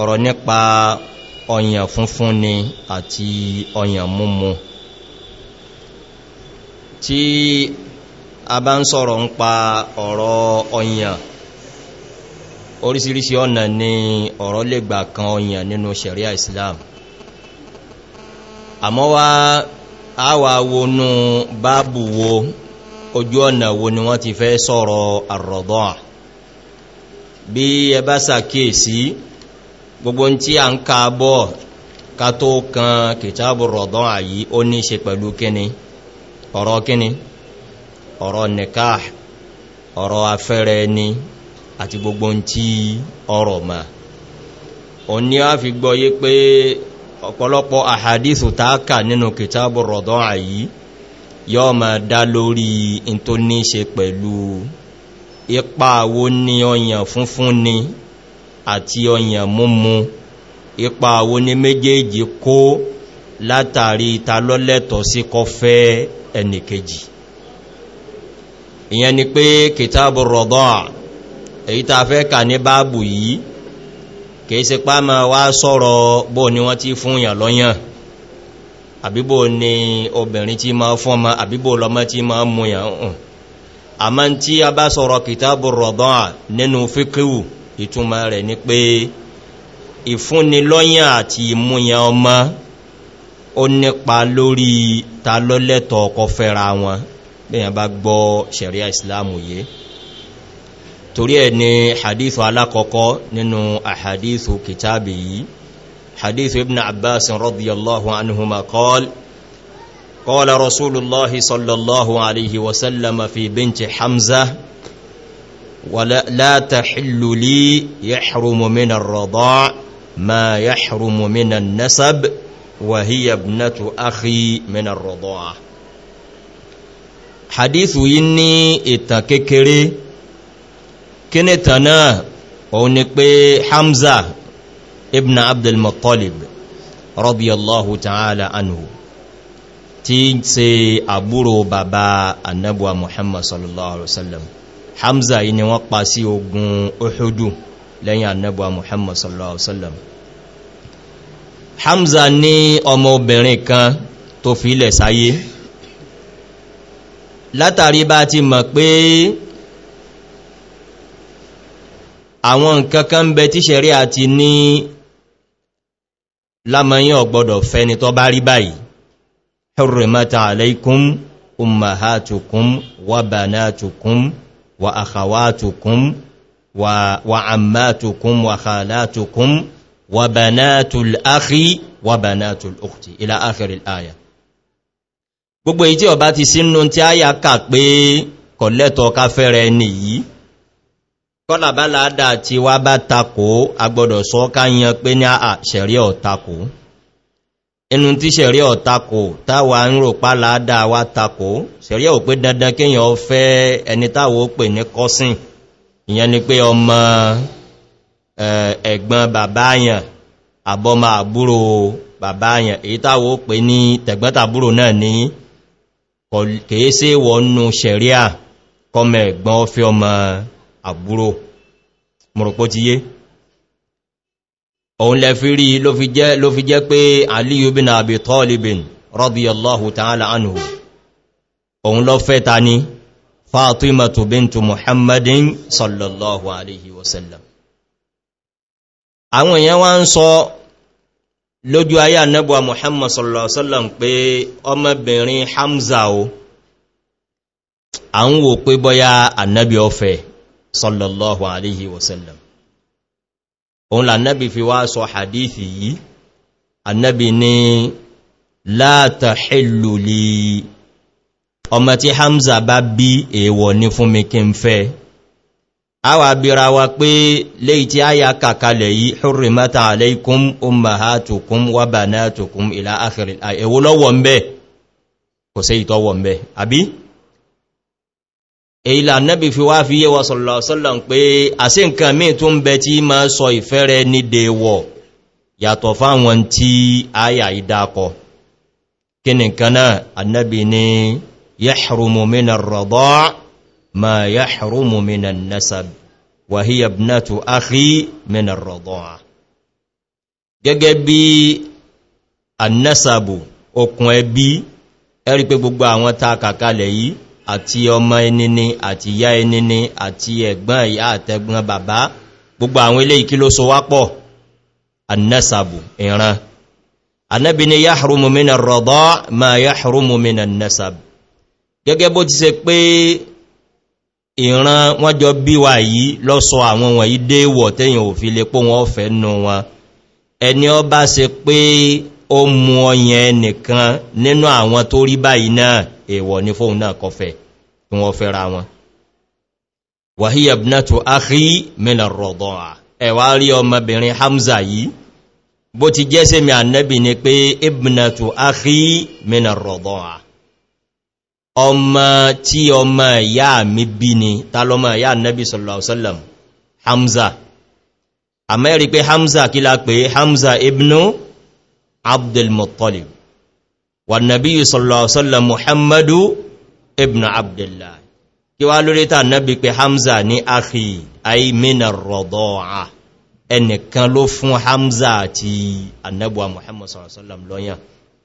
ọ̀rọ̀ nípa ọ̀yàn funfun ni àti ọ̀yàn múmu tí a bá ń sọ̀rọ̀ ń pa ọ̀rọ̀ ọ̀yàn orísìírísìí ọ̀nà ni ọ̀rọ̀ lè gbà kan ọ̀yàn nínú sharia islam àmọ́ wá àwà wonú báàbù wo ojú ọ̀nà wo ni wọ́n ti fẹ́ sọ̀rọ̀ àrọ̀dọ́à bí ẹ bá sàkíyèsí gbogbo ń tí a ń ka bọ́ ká tó kan kìtàbù rọ̀dán àyí ó ní ṣe pẹ̀lú kíni ọ̀rọ̀ kíni ọ̀rọ̀ nikah ọ̀rọ̀ afẹ́rẹ ni àti gbogbo ń tí ọrọ̀ ma o ní a fi gbọ́yé pé ọ̀pọ̀lọpọ̀ àhàdìsù tààkà nínú kìtàbù rọ̀dán àyí yọ́ ma dá lórí in tó ní ṣe pẹ̀lú ipa wo ni ọyàn funfun ni àti ọyàn múmu ipa wo ni méjèèjì kó látàrí ta lọ́lẹ́tọ̀ sí kọfẹ́ ẹnìkejì ìyẹn ni pé kìtàbù rọ̀dọ́ èyí ta fẹ́ kà ní báàbù yìí kìí sí pá ma wá sọ́rọ̀ bó ni wọ́n ti fún yàn lọ́yàn àbíbò ni obìnrin ti ma fún ọmọ àbíbò lọ́mọ ti ma mú yàn hùn àmá tí a bá sọ̀rọ̀ kìtàbù rọ̀dán nínú fíkíwù ìtumọ̀ rẹ̀ ni pé ìfúnni lọ́yìn àti ìmúyàn ọmọ ó nípa lórí ta lọ́lẹ́tọ̀ ọkọ̀ fẹ́ra wọn bẹ́yàn bá gbọ́ sẹ̀ríà ìsìláàmù yé torí ẹ̀ ni hadithu alákọ̀ọ́kọ́ nínú àhadithu kìtàbì yìí hadithu ibn abbas radiyallahu anhu maqal قال رسول الله صلى الله عليه وسلم في بنت حمزة ولا لا تحل لي يحرم من الرضاع ما يحرم من النسب وهي ابنة أخي من الرضاعة حديث يني اتككري كنتنا ونقبي حمزة ابن عبد المطلب رضي الله تعالى عنه tí ń ṣe àbúrò bàbá annabuwa muhammad sallallahu alaihi wasallam hamza yìí ni wọ́n pa sí ogun ohudu lẹ́yìn annabuwa muhammad sallallahu alaihi wasallam hamza ní ọmọ obìnrin kan tó fi ilẹ̀ sáyé látàrí bá ti mọ̀ pé àwọn nǹkan kan bẹ tí ṣẹ̀rí àti ní lámọ́yìn ọ̀gbọ́dọ̀ fẹ́ni tó bá rí báyìí حرمت عليكم أمهاتكم وبناتكم وأخواتكم وعماتكم وخالاتكم وبنات الأخ وبنات الأخت إلى آخر الآية gbogbo èyí tí ọba ti sínú tí a yà kà pé kọ̀lẹ́tọ̀ ká fẹ́rẹ̀ ní yìí kọ́là tí wá bá takò agbọ́dọ̀ sọ ká yẹn pé ní àṣẹ̀rí ọ̀takò inú tí sẹ̀rí ọ̀takò táwà ń rò pá láàdáa wá takò sẹ̀rí ò pé dandan kíyàn ó fẹ́ ẹni táwà ó pè ní kọ́sìn ìyẹn ni pé ọmọ ẹ̀gbọ́n bàbáyàn àbọ́mà àbúrò bàbáyàn èyí táwà ó pè ní tẹ̀gbẹ́tàbúrò náà ní kèése wọnú òun lẹ fi rí ló fi jẹ́ pé aliyu bin abi talibin radiyallahu ta'ala anhu òun lọ fẹ́ ta ni fatimatu bintu muhammadin sallallahu alaihi wasallam àwọn èèyàn wá ń sọ lójú ayé annabuwa muhammad sallallahu alaihi wasallam pé ọmọbìnrin hamza o a ń wò pé bọ́yá annabi ọfẹ́ sallallahu alaihi wasallam òun lànàbì fi wá sọ hadithi yìí annabi ni látàhìlù lè ọmọ tí hamza bá bí èèwọ̀ ní fún mi kí n fẹ́ a wà bíra wa pé léyìí tí a yà kàkalẹ̀ yìí hurri mata alaikum ummahatukum wa banatukum ila akhiril ayewo lọ́wọ́ mbẹ́ kò sí ìtọ́wọ́ mbẹ́ àbí èyí là nẹ́bì fi wá fi yé wa sọ̀lọ̀sọ́lọ̀ pé àsí nǹkan mí tún bẹ tí ma sọ ìfẹ́rẹ ní dèwọ̀ yàtọ̀ fáwọn tí àyà ìdákọ̀ kí nìkan náà annabi ni yahrumu mina rọ̀dọ́ ma yahrumu mina nasab wàhíyà bnatu akhi mina gẹ́gẹ́ bí àti ọmọ ẹnini àti ìyá ẹnini àti ẹ̀gbọ́n ìyá àtẹ́gbọ́n bàbá gbogbo àwọn ilé ìkí ló so wápọ̀ annasabu ìran annabi ni yahrumu min ar-radha ma yahrumu min an-nasab gẹ́gẹ́ bó ti ṣe pé ìran wọ́n jọ bí wà yìí lọ sọ àwọn wọ̀nyí déèwọ̀ tẹ́yìn òfin lè pọ́ wọn ọ̀fẹ́ nù wọn ẹni ọ bá ṣe pé ó mú ọyẹn nìkan nínú àwọn tó rí báyìí náà èèwọ̀ ní fóun náà kọfẹ́ tí wọ́n fẹ́ra wọn wàhíyà bínátò áhí mẹ́nà rọ̀dọ̀ à ẹ̀wà rí ọmọbìnrin hamza yìí bó ti jẹ́ sí mi ànẹ́bì ni pé ibnátò áhí mẹ́nà rọ̀dọ̀ à ọmọ tí ọmọ ìyá mi bí ni tálọ́mọ ìyá ànẹ́bì sọ̀lọ̀sọ́lọ̀m hamza àmẹ́rí hamza abdul muttalib wa nabi sallallahu alaihi wasallam muhammadu ibn abdullah kí wá lórí ta nabi pé hamza ní akhi ay min ar-radha'a ẹnìkan ló fún hamza àti annabi muhammad sallallahu alaihi wasallam lọ́yàn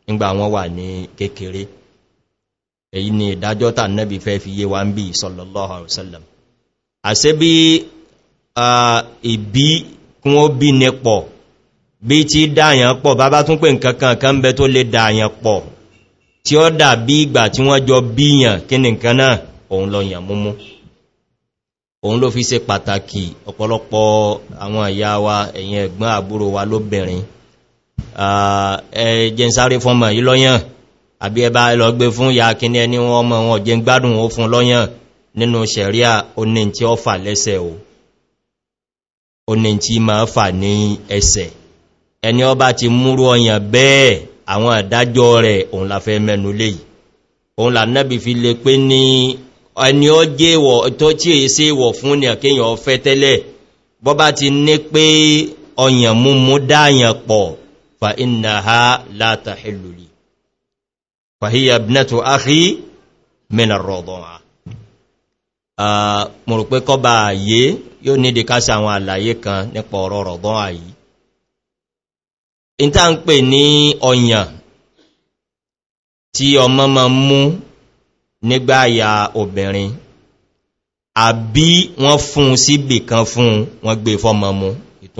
nígbà wọ́n wà ní kékeré èyí ni ìdájọ́ ta nabi fẹ́ fi yé wa ń bí sallallahu alaihi wasallam àṣẹ bí ìbí kún ó bí nípọ̀ bí ti dáyàn pọ̀ bàbá tún pé nǹkankan kan bẹ tó lè dáyàn pọ̀ tí ó dà bí ìgbà tí wọ́n jọ bíyàn kí ni nǹkan náà òun lọ yàn múmú òun ló fi ṣe pàtàkì ọ̀pọ̀lọpọ̀ àwọn ìyá wa ẹ̀yìn ẹ̀gbọ́n àbúrò wa lóbìnrin ẹjẹ́ sáré fún ọmọ yìí lọ́yàn àbí ẹbá lọ gbé fún ya kíní ẹni wọn mọ̀ wọn jẹ gbádùn ó fún lọ́yàn nínú sẹ̀ríà oní tí ó fà lẹ́sẹ̀ o oní tí ma fà ní ẹsẹ̀ ẹni ọba ti múrú ọyàn bẹ́ẹ̀ àwọn àdájọ́ rẹ̀ òun la fẹ́ mẹ́nu lè òun la nábi fi lè pé ní ẹni ọ jẹ́ wọ̀ tó tí è sí wọ̀ fún ní àkíyàn ọfẹ́ tẹ́lẹ̀ bọ́bá ti ní pé ọyàn múmú dáyàn pọ̀ fa iná ha látàhìlùlì fàhíyà bínẹ̀tù áhí mẹ́nà rọ̀bọ̀n àwọn àlàyé kan nípa ọ̀rọ̀ rọ̀bọ̀n àyí in ta ń pè ní ọ̀yàn tí ọmọ ma mú nígbà àyà obìnrin àbí wọ́n fún síbì kan fún wọn gbé fọ́mọ mú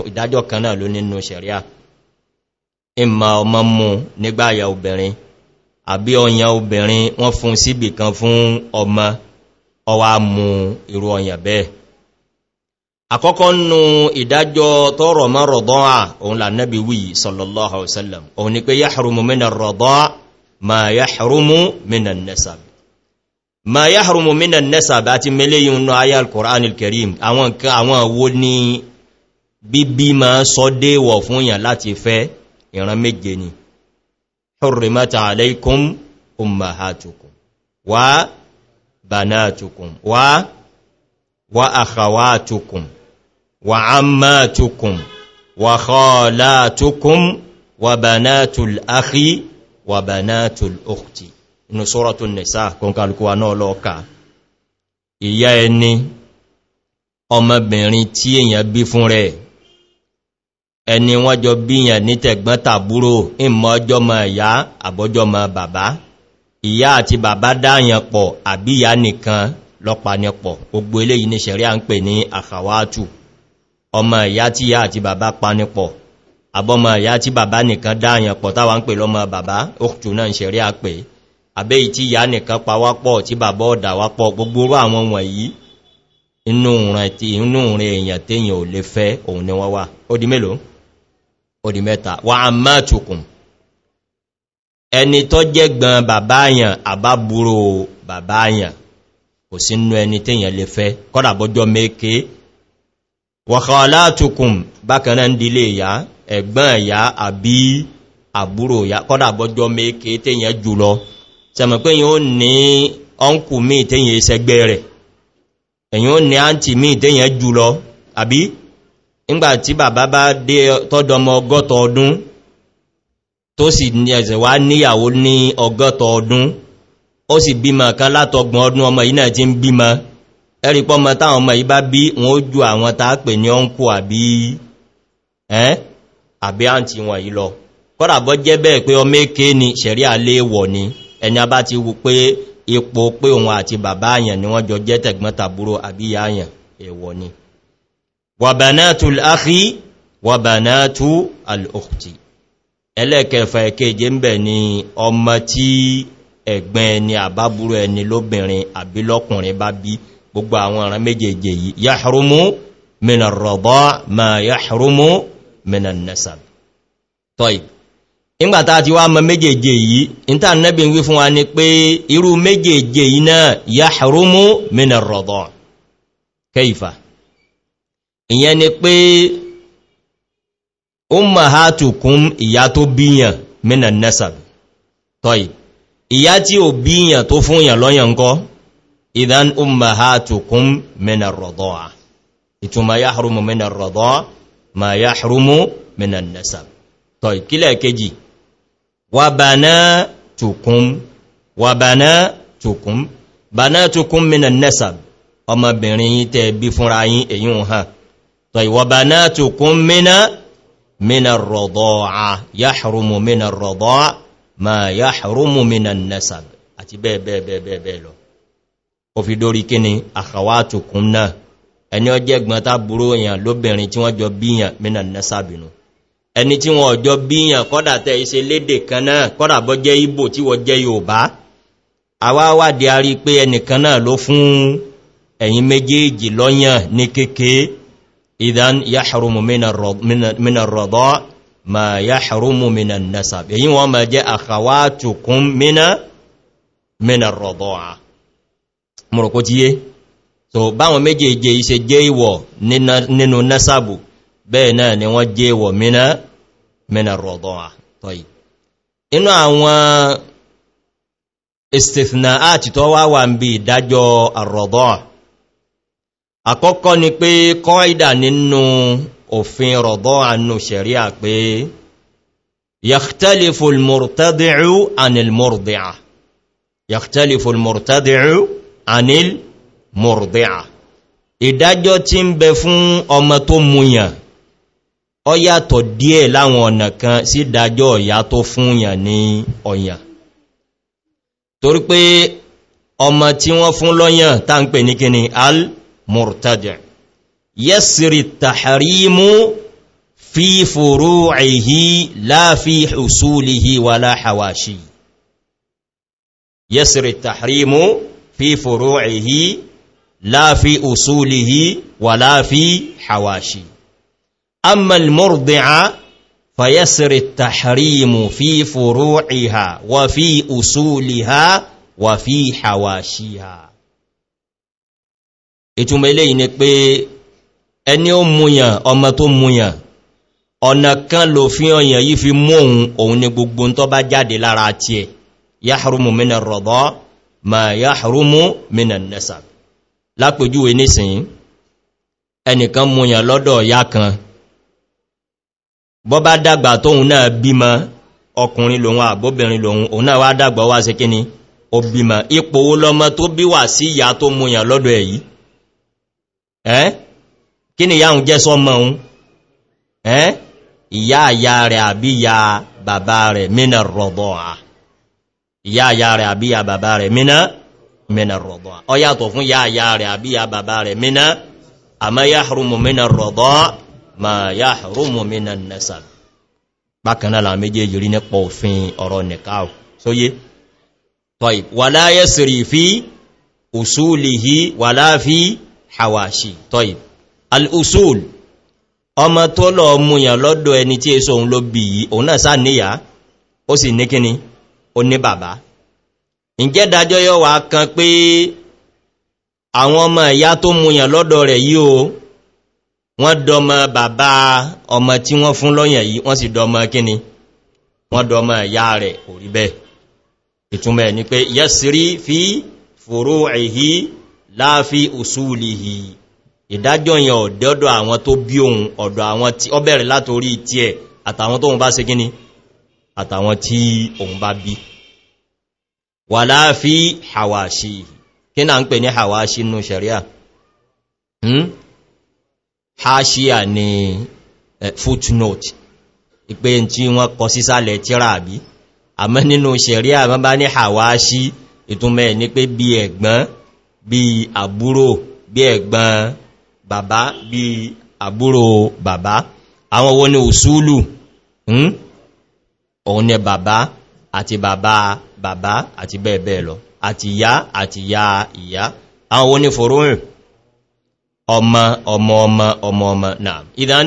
ìdájọ́ kan náà ló nínú sẹ̀ríà ìmọ̀ ọmọ mú nígbà àyà obìnrin àbí ọ̀yàn obìnrin wọ́n fún síbì kan fún ọmọ ọwá mú irú ọ̀yàn bẹ́ẹ̀ àkọ́kọ́ nù ìdájọ́ tọ́rọ mọ́ rọ̀dọ́à òun là nẹ́bí wí sallallahu alaihi wasallam òun ni pé yáhùrùmù mínà rọ̀dọ́à ma yáhùrùmù mínà nẹ́sàbì ma yáhùrùmù mínà nẹ́sàbì àti mẹ́lẹ́yìn nù ayá al-Qur'an al-Karim àwọn wo ni bíbí ma sọ déwọ̀ fún yàn láti fẹ́ wa akhawatukum wà á máa tukùn wà kọ́ọ̀lá tukùn wà bànátul áhí wà bànátul òkùtì inú sọ́rọ̀tún nìsá kọkàlùkúwà náà lọ́ọ̀ká ìyá ẹni ọmọbìnrin tí èyàn bí fún rẹ̀ ẹni wọ́n jọ bíyàn ní tẹ̀gbọ́n tàbúrò ìmọ̀ ọjọ́ ma ìyá àbọ́jọ́ ma bàbá ìyá àti bàbá dáyàn pọ̀ àbíyà nìkan lọ́pa nípọ̀ gbogbo eléyìí ní sẹ̀rí à ń pè ní àkàwátù ọmọ ìyá tí ìyá àti bàbá panipọ̀ àbọ́mọ ìyá tí bàbá nìkan dáyàn pọ̀ táwà ń pè lọ́mọ bàbá òkùtù náà ń ṣẹ̀rí àpè àbẹ́ ìtí ìyá nìkan pawápọ̀ tí bàbá ọ̀dà wápọ̀ gbogbo orú àwọn wọ̀nyí inú rẹ̀ ni wọ́n wà ó di mélòó ó di mẹ́ta wà á má tukùn ẹni tó jẹ́ gbọn bàbá yàn àbábúrò bàbá yàn wọ̀kọ̀ọ̀látùkùn bákanáà ń dílé ìyá ẹ̀gbọ́n ìyá àbí àbúrò ìyá kọ́dà bọ́jọ́ méèké tèyàn jùlọ sẹmọ̀ pé yíò ní ọ́nkù mí tèyàn ìsẹgbẹ́ rẹ̀ èyàn ó ní àǹtì mí tèyàn jùlọ àbí ńgbàtí bàbá bá dé tọ́dọmọ ọgọ́ta ọdún tó sì ẹ̀sẹ̀ wá níyàwó ní ọgọ́ta ọdún ó sì bímọ kan látọgbọ̀n ọdún ọmọ yìí náà ti ń bímọ ẹ̀rì pọ́mọ táwọn ọmọ yìí bá bí wọn ó ju àwọn tàápè ní ọ́nkù àbí ẹ́n àbí àǹtí wọn yìí lọ kọ́dà bọ́ jẹ́ bẹ́ẹ̀ pé ọmọ èké ni ṣẹ̀rí àléèwọ̀ ni ẹni a bá ti wu pé ipò pé òun àti bàbá àyàn ni wọ́n jọ jẹ́ tẹ̀gbọ́n tàbúrò àbí àyàn èèwọ̀ ni wàbànátù al-akhi ni ọmọ tí ẹ̀gbẹ́ ẹni àbábúrò ẹni lóbìnrin àbí gbogbo àwọn ọ̀ràn méjèèjì yìí yáhùrùmú mìnà rọ̀bọ́ ma yáhùrùmú mìnà nasab tọ́ì ìgbàtà ti wá mọ méjèèjì yìí ìta nẹ́bìn wí fún wa ni pé irú méjèèjì yìí náà yáhùrùmú mìnà rọ̀bọ́ kẹfà ìyẹn ni pé ó ha tukún ìyá tó bíyàn mìnà nasab tọ́ì ìyá tí ò bíyàn tó fún yàn lọ́yàn ńkọ́ ìdán ummahatukum mẹ́nà rọ̀dọ́à ìtumà yáhùrùmù mẹ́nà rọ̀dọ́à ma yáhùrùmù mẹ́nà nasab tọ́ ìkílẹ̀ kejì wà bàná tukun wà bàná tukun bàná tukun mẹ́nà nasab ọmọbìnrin yí tẹ́ bí fúnra yí èyún hàn tọ́ ìwà bàná tukun mẹ́nà mẹ́nà rọ̀dọ́à yáhùrùmù mẹ́nà rọ̀dọ́à ma yáhùrùmù mẹ́nà nasab àti bẹ́ẹ̀ bẹ́ẹ̀ bẹ́ẹ̀ lọ ó fi dórí kí ni àkàwàtùkún náà ẹni ó jẹ́ gbọ́n tá burú èyàn lóbìnrin tí wọ́n jọ bíyàn mínà nẹ́sàbìnú ẹni tí wọ́n jọ bíyàn kọ́dà tẹ́ iṣẹ́ lédè kan náà kọ́dà bọ́ jẹ́ Ìgbò tí wọ́n jẹ́ Yorùbá àwáwádìí a rí pé ẹnìkan náà ló fún ẹ̀yin méjèèjì lọ́yàn ní kéèké ìdán yáhàrùmù mínà rọ̀dọ́ ma yáhàrùmù mínà nẹ́sàb èyí wọ́n ma jẹ́ àkàwàtùkún mínà rọ̀dọ́ mọ̀rọ̀kó ti yé so báwọn méjèèjì iṣẹ́ jẹ́ ìwọ̀ nínú nasabu bẹ́ẹ̀ náà ni wọ́n jẹ́ ìwọ̀ mìíràn rọ̀dọ̀wà tọ́yì inú àwọn istithna àti tó wá wà ń bí ìdájọ́ àrọ̀dọ̀wà àkọ́kọ́ ni pé kọ́ìdà nínú òfin rọ̀dọ̀wà nù ṣẹ̀ríà pé yàktálífù anil murdia ìdájọ́ tí ń bẹ fún ọmọ tó múyàn ọ yàtọ̀ díẹ̀ láwọn ọ̀nà kan sí ìdájọ́ ọ̀yá tó fúnyàn ní ọ̀yàn torí pé ọmọ tí wọ́n fún lọ́yàn tá ń pè ní kíni al murtaja yẹ́sìrì tàhàrímú fi fòrò àìhí láàfí ìṣúlìhí wà láhàwàṣí yẹ́sìrì tàhàrímú fi furu'ihi la fi usulihi wa la fi hawashi amma al-murdi'a فيسر التحريم في فروعها وفي أصولها وفي حواشيها ìtumọ̀ eléyìí ni pé ẹni ó múyàn ọmọ tó múyàn ọ̀nà kan ló fi ọ̀yàn yìí fi mú òun òun ni gbogbo tó bá jáde lára tí ẹ̀ yáhùrùmù mínà rọ̀dọ́ ma ya rúmú minan nasa lápòjúwe nísìnyí ẹnìkan múyàn lọ́dọ̀ ya kan bọ́ bá dàgbà tóhun náà bímọ ọkùnrin lòun àbóbìnrin lòun òun náà wá dàgbà wá sí kíní òbímọ ipò owó lọ́mọ tó bí wà sí ìyá tó múyàn lọ́dọ̀ èyí ẹ́ kí ni ìyáhùn jẹ́ sọ́mọ òun ẹ́ ìyá àyà rẹ̀ àbíyà bàbá rẹ̀ mínà rọ̀bọ̀ àà ìyá àyá rẹ̀ àbí ya bàbá rẹ̀ mìíná mìíná rọ̀dọ́ ọ yàtọ̀ fún ìyá àyá rẹ̀ àbí ya bàbá rẹ̀ mìíná àmá yáhùrùmù mìíná rọ̀dọ́ ma yáhùrùmù mìíná nẹ́sà bákanáà la méjèèjì rí nípa òfin ọ̀rọ̀ nìkáà sóyé tọ́ì wàlá yẹ́sìrì fi ùsùlìhí wàlá fi hàwàṣì tọ́ì al'usul ó sì ní kíni ó ní bàbá ǹjẹ́ dájọ́ yọ wà kan pé àwọn ọmọ ìyá tó múyàn lọ́dọ̀ rẹ̀ yí o wọ́n dọmọ bàbá ọmọ tí wọ́n fún lọ́yàn yìí wọ́n sì dọmọ kíni wọ́n dọmọ ìyá rẹ̀ kò rí bẹ́ẹ̀ ìtumẹ̀ ni pé yẹ́sìrí fi fòró ẹ̀hí láàfí òsúlìhì ìdájọ́ yẹn ọ̀dọ́dọ̀ àwọn tó bí ohun ọ̀dọ̀ àwọn tí ó bẹ̀rẹ̀ látorí tí ẹ̀ àtàwọn tóhun bá se gíní àtàwọn tí òun bá bí wà láàfí hawashi kí náà ń pè ní hawashi nù sharia haṣíà ni eh, footnote ìpé tí wọ́n kọ sísàlẹ̀ tíra àbí àmọ́ nínú sharia wọ́n bá ní hawashi ìtumẹ̀ ní pé bí ẹ̀gbọ́n bí àbúrò bí ẹ̀gbọ́n bàbá bí àbúrò bàbá àwọn wo ni usulu òun ní bàbá àti bàbá bàbá àti bẹ́ẹ̀bẹ́ẹ̀ lọ àti ìyá àti ìyá ìyá àwọn owó ní fòróhùn ọmọ ọmọ ọmọ ọmọ ọmọ náà ìdán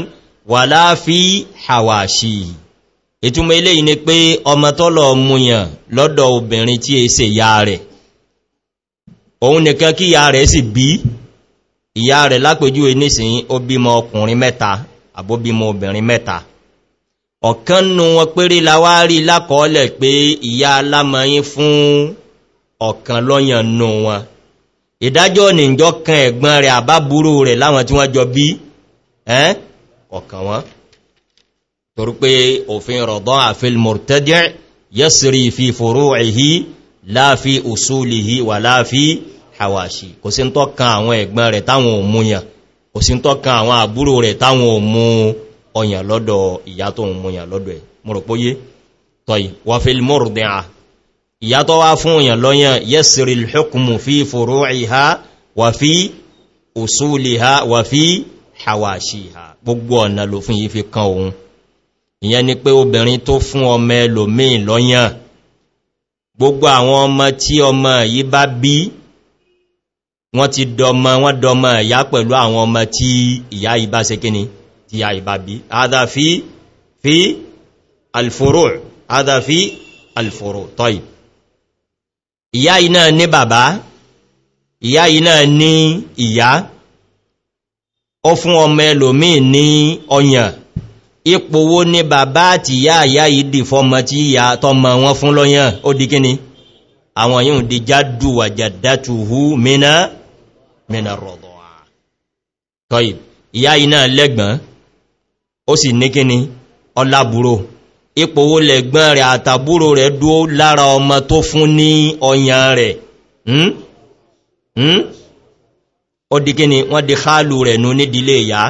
wà láàfí hàwàṣì ìtumọ̀ ilé yìí ni pé ọmọ tọ́lọ múyàn lọ́dọ̀ obìnrin tí èsè ìyá rẹ̀ òun nìkan kí ìyá rẹ̀ sì bí ìyá rẹ̀ lápèjúwe nísìn ó bímọ ọkùnrin mẹ́ta àbóbímọ obìnrin mẹ́ta ọ̀kan nù wọn péré láwárí lákọọ́lẹ̀ pé ìyá alámọyín fún ọ̀kan lọ́yàn nù wọn ìdájọ́ nìjọ kan ẹ̀gbọ́n rẹ̀ àbábúrò rẹ̀ láwọn tí wọ́n jọ bí ẹ́n ọ̀kan wọn torí pé òfin rọ̀dán àfil mọ̀tẹ́dẹ̀ yẹ́sìrì fi fòró ẹ̀hí láàfí òsúlìhí wà láàfí hawashi kò sí tọ́kan àwọn ẹ̀gbọ́n rẹ̀ táwọn òmúyàn kò sí tọ́kan àwọn àbúrò rẹ̀ táwọn òmúyàn ọyàn lọ́dọ̀ ìyá tó ń múyàn lọ́dọ̀ ẹ̀ mọ̀rọ̀póyé tọ́yì wà fi mọ́rùdíà ìyá tó wá fún òyàn lọ́yàn yẹ́sìrì lẹ́kùnmù fi fòrò ìhá wà fi òsúlì ha wà fi hàwàṣì ha gbogbo ọ̀nà ló fún yí fi kan òun ìyẹn ni pé obìnrin tó fún ọmọ ẹlòmíìn lọ́yàn gbogbo àwọn ọmọ tí ọmọ yí bá bí wọ́n ti dọmọ wọ́n dọmọ ìyá pẹ̀lú àwọn ọmọ tí ìyá yìí bá se kíni ti àìbàbí adá fi fi alfòrò adá fi alfòrò tọ́yì ìyá iná ní bàbá ìyá iná ní ìyá ó fún ọmọ ẹlòmí ní ọyàn ipòwó ní bàbá àti ìyá àyá ìdì fọmọ tí ìyá tọmọ wọn fún lọ́yàn ó di kíni àwọn yíò di jádù wà jàdátùhú mìíràn rọ̀dọ̀ ìyá iná lẹ́gbọ̀n ó sì ní kíni ọlábúrò ipò owó lẹ̀gbọ́n rẹ̀ àtàbúrò rẹ̀ dúó lára ọmọ tó fún ní ọyàn rẹ̀ hmm? Hmm? ó di kíni wọ́n di hálù rẹ̀ nú nídílé ìyá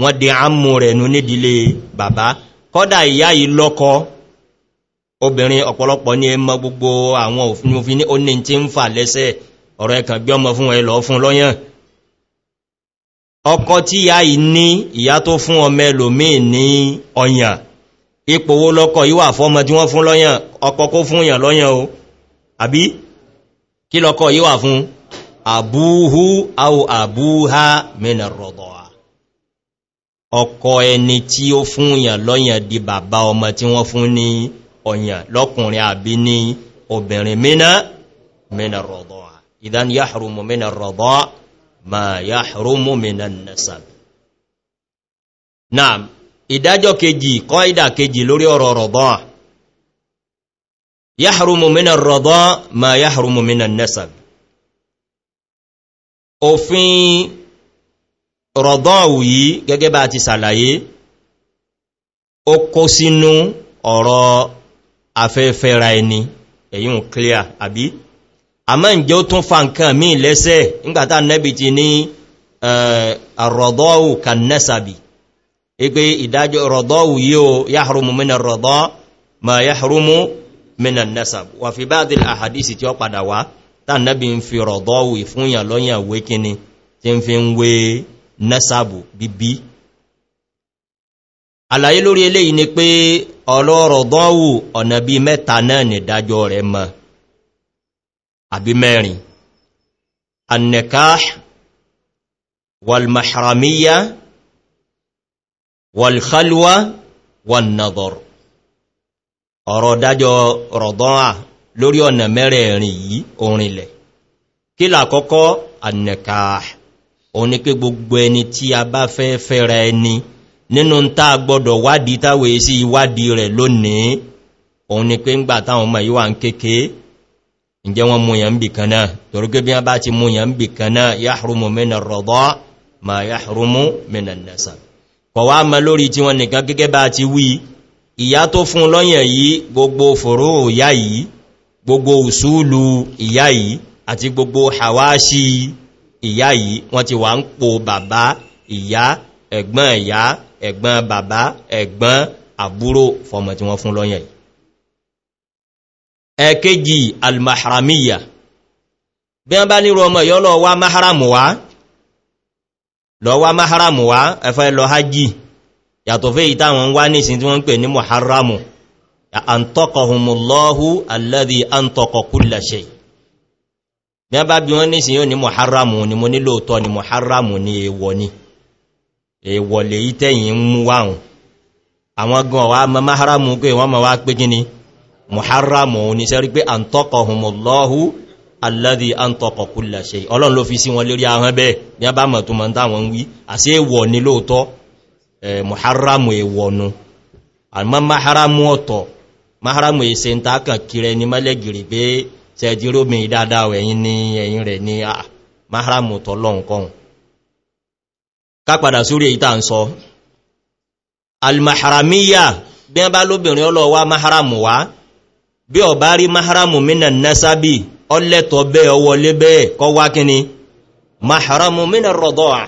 wọ́n di ámù rẹ̀ nú nídílé bàbá kọ́dà ìyá yìí lọ́kọ obìnrin ọ̀pọ̀lọpọ̀ ní ẹmọ gbogbo àwọn òfin ní ó ń fà lẹ́sẹ̀ ọ̀rọ̀ ẹ̀kàn gbé fún ẹ lọ fún lọ́yàn ọkọ̀ tí ya ìní ìyá tó fún ọmọ ẹlòmí ní ọ̀yàn ipò owó lọ́kọ̀ yíwà fọ́mọ tí wọ́n fún lọ́yàn ọkọ̀ kó fún yàn lọ́yàn o àbí kí lọ́kọ̀ yíwà fún àbúhú àwò àbúhá mẹ́nà rọ̀dọ̀ ọkọ̀ ẹni tí ó fún yàn lọ́yàn di bàbá ọmọ tí wọ́n fún ní mẹ́nà rọ̀dọ̀ ma yahrumu minan nasab naam ìdájọ́ kejì qaida kejì lórí ọ̀rọ̀ rada yahrumu minar rada ma yahrumu minan nasab òfin rada yìí gẹ́gẹ́ bá ti ṣàlàyé ó kó sínú ọ̀rọ̀ afẹ́fẹ́ra ẹni clear àbí àmọ́ ǹjẹ́ ó tún fa nǹkan mí lẹ́sẹ̀ nígbàtà nẹ́bì ti ní àrọ̀dọ́wù kannẹ́sàbì ipé ìdájọ́ rọ̀dọ́wù yíò yáhùrùmù mínà rọ̀dọ́ ma yáhùrùmù mínà nẹ́sàbì wà fi bá dìl àhàdìsì tí ó padà wá tà nẹ́bì ń fi rọ̀dọ́wù ìfúnyà lọ́yàn wé kíni tí ń fi ń wé àbí mẹ́rin annekah walmahramiya walkhalwa wannador ọ̀rọ̀ dájọ́ rọ̀dọ́nà lórí ọ̀nà mẹ́rẹ̀ẹ̀rin yìí orinlẹ̀ kí làkọ́kọ́ annekah òun ni pé gbogbo ẹni tí a bá fẹ́ fẹ́ra ẹni nínú ta gbọdọ̀ wádìí táwẹ̀ sí ìwádìí rẹ̀ lónìí òun pé ń gbà táwọn ọmọ yíwa ń kéèkéé ǹjẹ́ wọn mú yàn bì kanáà torúkẹ́ bí wọ́n bá ti mú yàn bì kanáà yáhùrùmù mẹ́nà rọ̀dọ́ ma yáhùrùmù mẹ́nà nẹ́sà kọ̀wá ma lórí tí wọ́n nìkan gẹ́gẹ́ bá ti wí ìyá tó fún lọ́yàn yìí gbogbo fòró ìyá yìí gbogbo òsúlù ìyá yìí àti gbogbo hawashi ìyá yìí wọ́n ti wà ń po bàbá ìyá ẹ̀gbọ́n ìyá ẹ̀gbọ́n bàbá ẹ̀gbọ́n àbúrò fọmọ tí wọ́n fún lọ́yàn yìí ẹ̀kejì almahramiya bí wọ́n bá nírò ọmọ yọ́ lọ wá maharamu wá lọ wá maharamu wá ẹfẹ́ lọ hajji yàtọ̀ fẹ́ ìtàwọn wá ní ìsin tí wọ́n ń pè ní muharamu àntọ́kọ̀hùnmùlọ́hù alladhi àntọ́kọ̀ kulla shay bí wọ́n bá bí wọ́n ní ìsin yóò ní muharamu ni mo nílò tọ́ ni muharramu ní sẹ́rí pé àntọ́kọ̀hùnmọ̀lọ́hù alladhi àntọ́kọ̀ kulla shay ọlọ́run ló fi sí wọn lórí ahọ́n bẹ́ẹ̀ ní a bá mọ̀ tó mọ̀ táwọn wí àṣẹ èwọ̀ ní lóòtọ́ muharramu èwọ̀nu àmọ́ maharamu ọ̀tọ̀ maharamu èsẹ̀ ń takàn kiri ẹni mẹ́lẹ́gìrì pé tẹ́ẹ̀dìrómi dáadáa ẹ̀yìn ní ẹ̀yìn rẹ̀ ní maharamu tọ́lọ́hun kọ́hun ká padà sórí èyí tàà ń sọ almaharamiya bí wọ́n bá lóbìnrin ọlọ́wà maharamu wá bí ọ̀bá rí maharamu mínà nasabi ọlẹ́tọ̀ bẹ́ ọwọlé bẹ́ẹ̀ kọ́ wá kíni maharamu mínà rọ̀dọ́à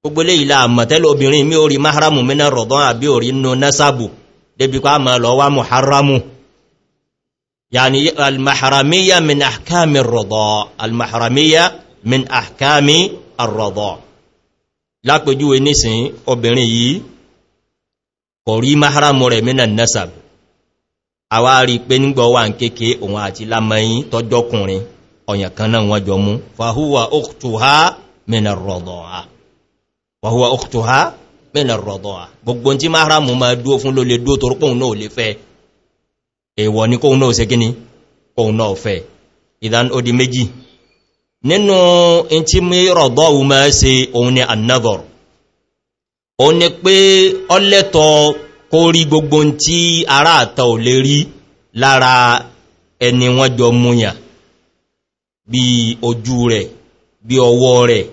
gbogbo lè ilá àmọ̀tẹ́lẹ̀ obìnrin mi ò rí maharamu mínà rọ̀dọ́à bí ò rí nù nasabu débi pa mọ̀ lọ wá muharamu yàní almaharamiya min ahkami rọ̀dọ́ almaharamiya min ahkami rọ̀dọ́ lápẹjúwe nísìn obìnrin yìí kò rí maharamu rẹ̀ mínà nasabu àwá rí pé nígbọ́ wà ń kéèké òun àti lámọ́yìn tọ́jọ́kùnrin ọ̀yàn kan náà wọ́n jọ mú fàhúwà òkùtùhá mẹ́nà rọ̀dọ̀wà gbogbo tí máa rámù ma dúó fún ló lè dúó torípòun náà lè fẹ́ èwọ̀ ní kóun náà se gíní se òun ni annador òun ni pé ọlẹ́tọ̀ọ́ kó rí gbogbo tí ará àta ò lè rí lára ẹni wọ́n jọ múyàn bí ojú rẹ̀ bí ọwọ́ rẹ̀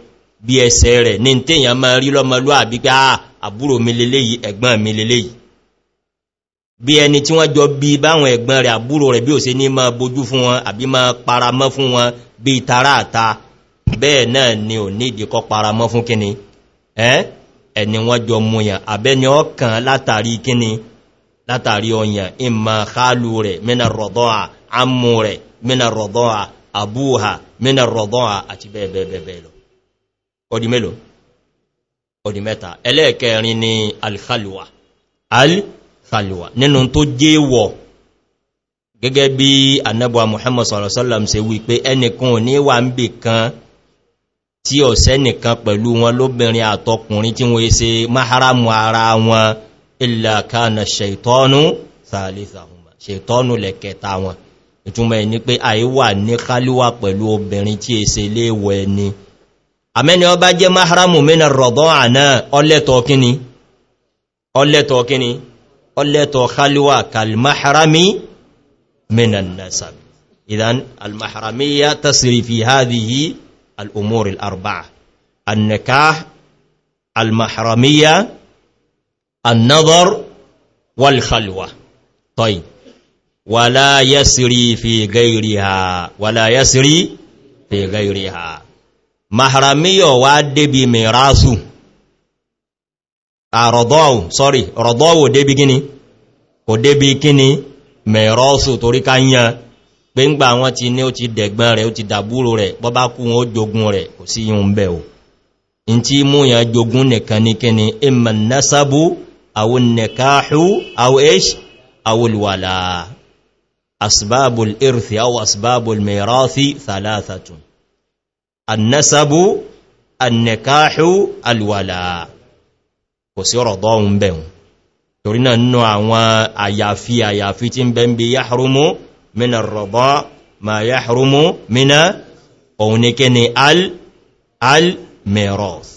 bí ẹsẹ̀ rẹ̀ ní tèyàn máa rí lọ́mọlú àbí pé ah, àbúrò mi leléyìí ẹ̀gbọ́n mi leléyìí bí ẹni tí wọ́n jọ bí báwọn ẹ̀gbọ́n rẹ̀ àbúrò rẹ̀ bí ò sí ní máa bojú fún wọn àbí máa paramọ́ fún wọn bí tara àta bẹ́ẹ̀ náà ni ò nídìí kọ́ paramọ́ fún kíni eh? ẹni wọ́n jọ mú yàn àbẹ́ni ọkàn látàrí kíni látàrí ọyàn ìmọ̀ kálù rẹ̀ mẹ́nà rọ̀dọ́à ámú rẹ̀ mẹ́nà rọ̀dọ́à àbúhà mẹ́nà rọ̀dọ́à àti bẹ́ẹ̀bẹ́ẹ̀bẹ́ẹ̀ lọ ọdí mélòó ọdí gẹ́gẹ́ bí anábọ̀ muhammad sallallahu alaihi wasallam ṣe wí ẹnìkan ní wà ń bì kan tí ọ̀sẹ́ nìkan pẹ̀lú wọn lóbìnrin àtọkùnrin tí wọ́n ṣe máhàrámù ara wọn ìlàkánà ṣètọ́nù sàálìsàhùnmà ṣètọ́nù lẹ́kẹta wọn ìtumọ̀ ẹni pé àíwà ní kálíwà pẹ̀lú obìnrin tí èsè léèwọ̀ ẹni àmẹ́ni ọba jẹ́ máhàrámù mẹ́nà rọ̀dọ́ àná ọlẹ́tọ̀ kíni ọlẹ́tọ̀ kíni ọlẹ́tọ̀ kálíwà kalmáhàrámì الأمور الأربعة النكاح المحرمية النظر والخلوة طيب ولا يسري في غيرها ولا يسري في غيرها محرمية وادبي ميراثه أرضاو. sorry rọ̀dọ́wò débi gíní kò débi kíní mẹ̀rọ́sù pé ń gba àwọn ti ní ó ti dẹ̀gbọ́n rẹ̀ ó ti dàbúrò rẹ̀ bọ́ bá kú wọn ó jogun rẹ̀ kò sí yíò ń bẹ̀ o in tí mú yàn jogun nìkan ní kíni imma nasabu awo nikahu awo ish awo wala asbabul irthi awo asbabul mirathi thalathatun annasabu annikahu alwala kò sí ọ̀rọ̀ dọ́un torí náà nínú àwọn àyàfi àyàfi tí ń bẹ́ ń bí yáhùrúmú mina rọ̀bọ́ ma yá rúmú mina òun ni kí ni al-miros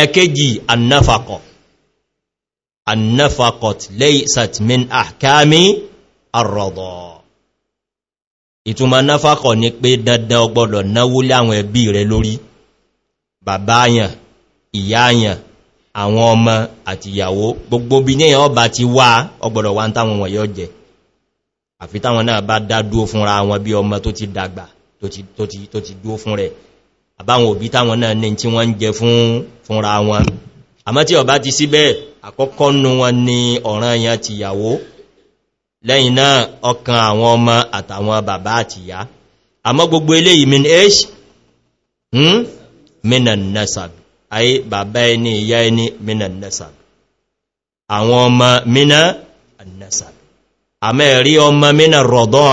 ẹkẹjì annafakọ̀ annafakọ̀t lẹ́yìsat min àkámi arọ̀bọ̀ ìtumọ̀ náfàkọ̀ ni pé dandan ọgbọ́dọ̀ náwó láwọn ẹbí rẹ lórí bàbáyàn ìyáyàn àwọn ọmọ àtìyàwó gbogbo bí ní ẹ̀yàn ọba ti wá ọgbọ̀dọ̀ wá ń táwọn wọ̀nyọ́ jẹ́ àfi táwọn náà bá dá dúó fúnra wọn bí ọmọ tó ti dàgbà tó ti dúó fún rẹ̀ àbáwọn òbí táwọn náà ní tí wọ́n ń jẹ fúnra wọn àmọ́ tí ọba ti síbẹ̀ àkọ́kọ́ nú wọn ni ọ̀ràn yẹn ti yàwó lẹ́yìn náà ọkàn àwọn ọmọ àtàwọn bàbá àtìyá àmọ́ gbogbo eléyìí min hmm? nasab àmẹ́rí ọmọ mínà rọ̀dọ́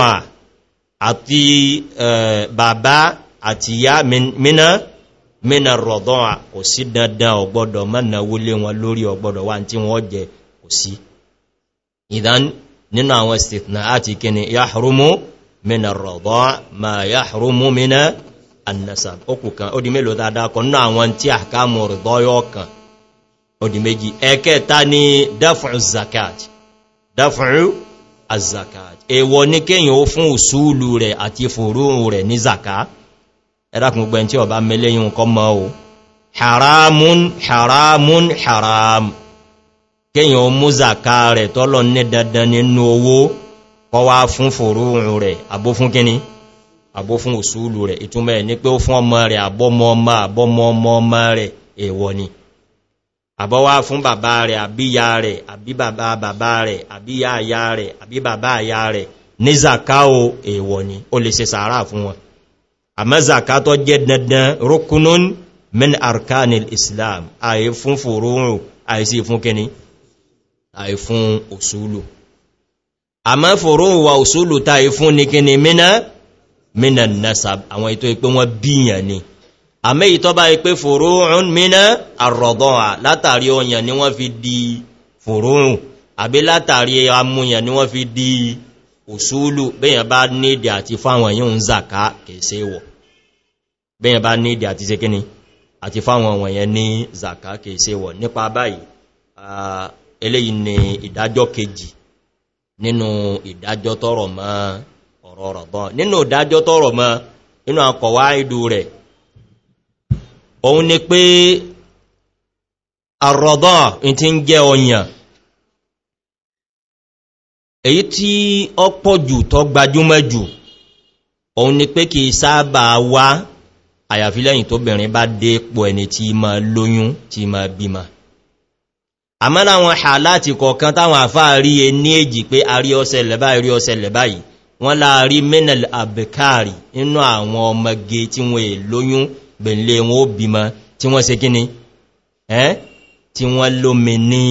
àti bàbá àti ya mínà mínà rọ̀dọ́ kò sí dandan ọgbọ́dọ̀ mọ́nà wúlé wọn lórí ọgbọ́dọ̀ wá tí wọ́n jẹ kò sí ìdán nínú àwọn stìtìnà àti kìnnì yáhùrúmú mínà rọ̀dọ́ ma yáhùrúmú mínà annasab okù ó di mélòó dáadáa kan náà àwọn tí àkámù rọ̀dọ́ yọ́ di méjì ẹ̀kẹta ni dáfùn zakat dáfùn Azaka, èwọ̀ ní kéyàn ó fún òsúlù rẹ̀ àti fòróhùn rẹ̀ ní zaka ẹ̀dàkùn gbogbo ẹn tí ọba mẹ́lẹ́yìn kọ́ mọ́ o haramun haramun haram kéyàn ó mú zaka rẹ̀ tọ́lọ ní dandan nínú owó kọ́ wá fún fòróhùn rẹ̀ abó fún kíní abó fún òsúlù rẹ̀ ìtumẹ̀ ní pé ó fún ọmọ rẹ̀ abọ́mọ ọmọ abọ́mọ ọmọ rẹ̀ èwọ̀ ni àbọ́wá fún bàbá rẹ̀ àbíyà rẹ̀ àbí bàbá bàbá rẹ̀ àbíyà àyà rẹ̀ àbí bàbá àyà rẹ̀ ní zaka o èèwọ̀ ni ó lè ṣe sàárà fún wọn àmọ́ zaka tó jẹ́ dandan rukunun min arkanil islam àyè fún fòróhùn àyè sí fún kíní àyè fún òṣùlù àmọ́ fòróhùn wa òṣùlù táyè fún ní kíní mina mina nasab àwọn ètò ìpé wọn bíyàn ni àmẹ́ ìtọ́ bá ipé fòróhùn mìíràn àrọ̀dán à látàrí ọyàn ni wọ́n fi di fòróhùn àbí látàrí amúyàn ni wọ́n fi di òṣúlù bẹ́yàn bá nídì àti fáwọn yíò ń zàká kèsè wọ̀ bẹ́yàn bá nídì àti ṣe kíní àti fáwọn wọ̀nyẹn ní zàká kèsè wọ̀ nípa báyìí eléyìí ni ìdájọ́ kejì nínú òun ni pé àrọ̀dọ́ tí ń jẹ́ ọyàn èyí tí ọpọ̀ jù tọ́ gbajúmọ̀ jù òun ni pé kìí sáàbà wá àyàfi lẹ́yìn tó bẹ̀rin bá dé pò ẹni tí ma lóyún tí ma bímọ àmọ́ láwọn àláti kọ̀ọ̀kan táwọn àfáà rí e ní èjì pé a rí ọsẹ̀ lẹ́báyìí rí ọsẹ̀ lẹ́báyìí wọ́n láàrí menal abekari nínú àwọn ọmọge tí wọ́n è lóyún gbẹ̀nlé wọn ó bímọ tí wọ́n se kíní ẹ́n tí wọ́n lómi ní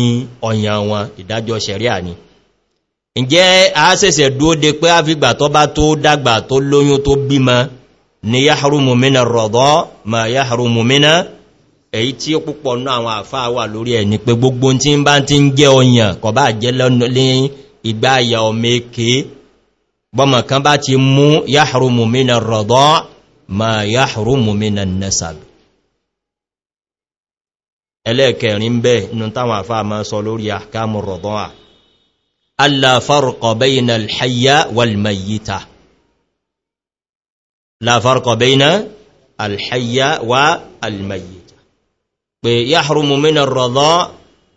ọ̀yàn wọn ìdájọ́ sẹ̀ríà ni ǹjẹ́ àásẹ̀sẹ̀ dúó de pé àfígbà tó bá tó dàgbà tó lóyún tó bímọ ni yáhàrùmù mínà rọ̀dọ́ ma yáhàrùmù mínà èyí tí ó púpọ̀ ní àwọn àfáà wà lórí ẹ̀ ni pé gbogbo tí ń bá ti ń jẹ́ ọyàn kọ̀ bá jẹ́ lọ́nà ìgbà àyà ọmọ èké bọ́mọ̀ kan bá ti mú yáhàrùmù rọ̀dọ́ ma yahrumu minan nasab ẹlẹ́ẹ̀kẹrin bẹ́ inú táwọn àfáà máa sọ lórí ahkamu rọ̀dọ́wà alla farqa bayna alhayya wal mayyita la farqa bayna alhayya wa almayyita pé yahrumu minan rọ̀dọ́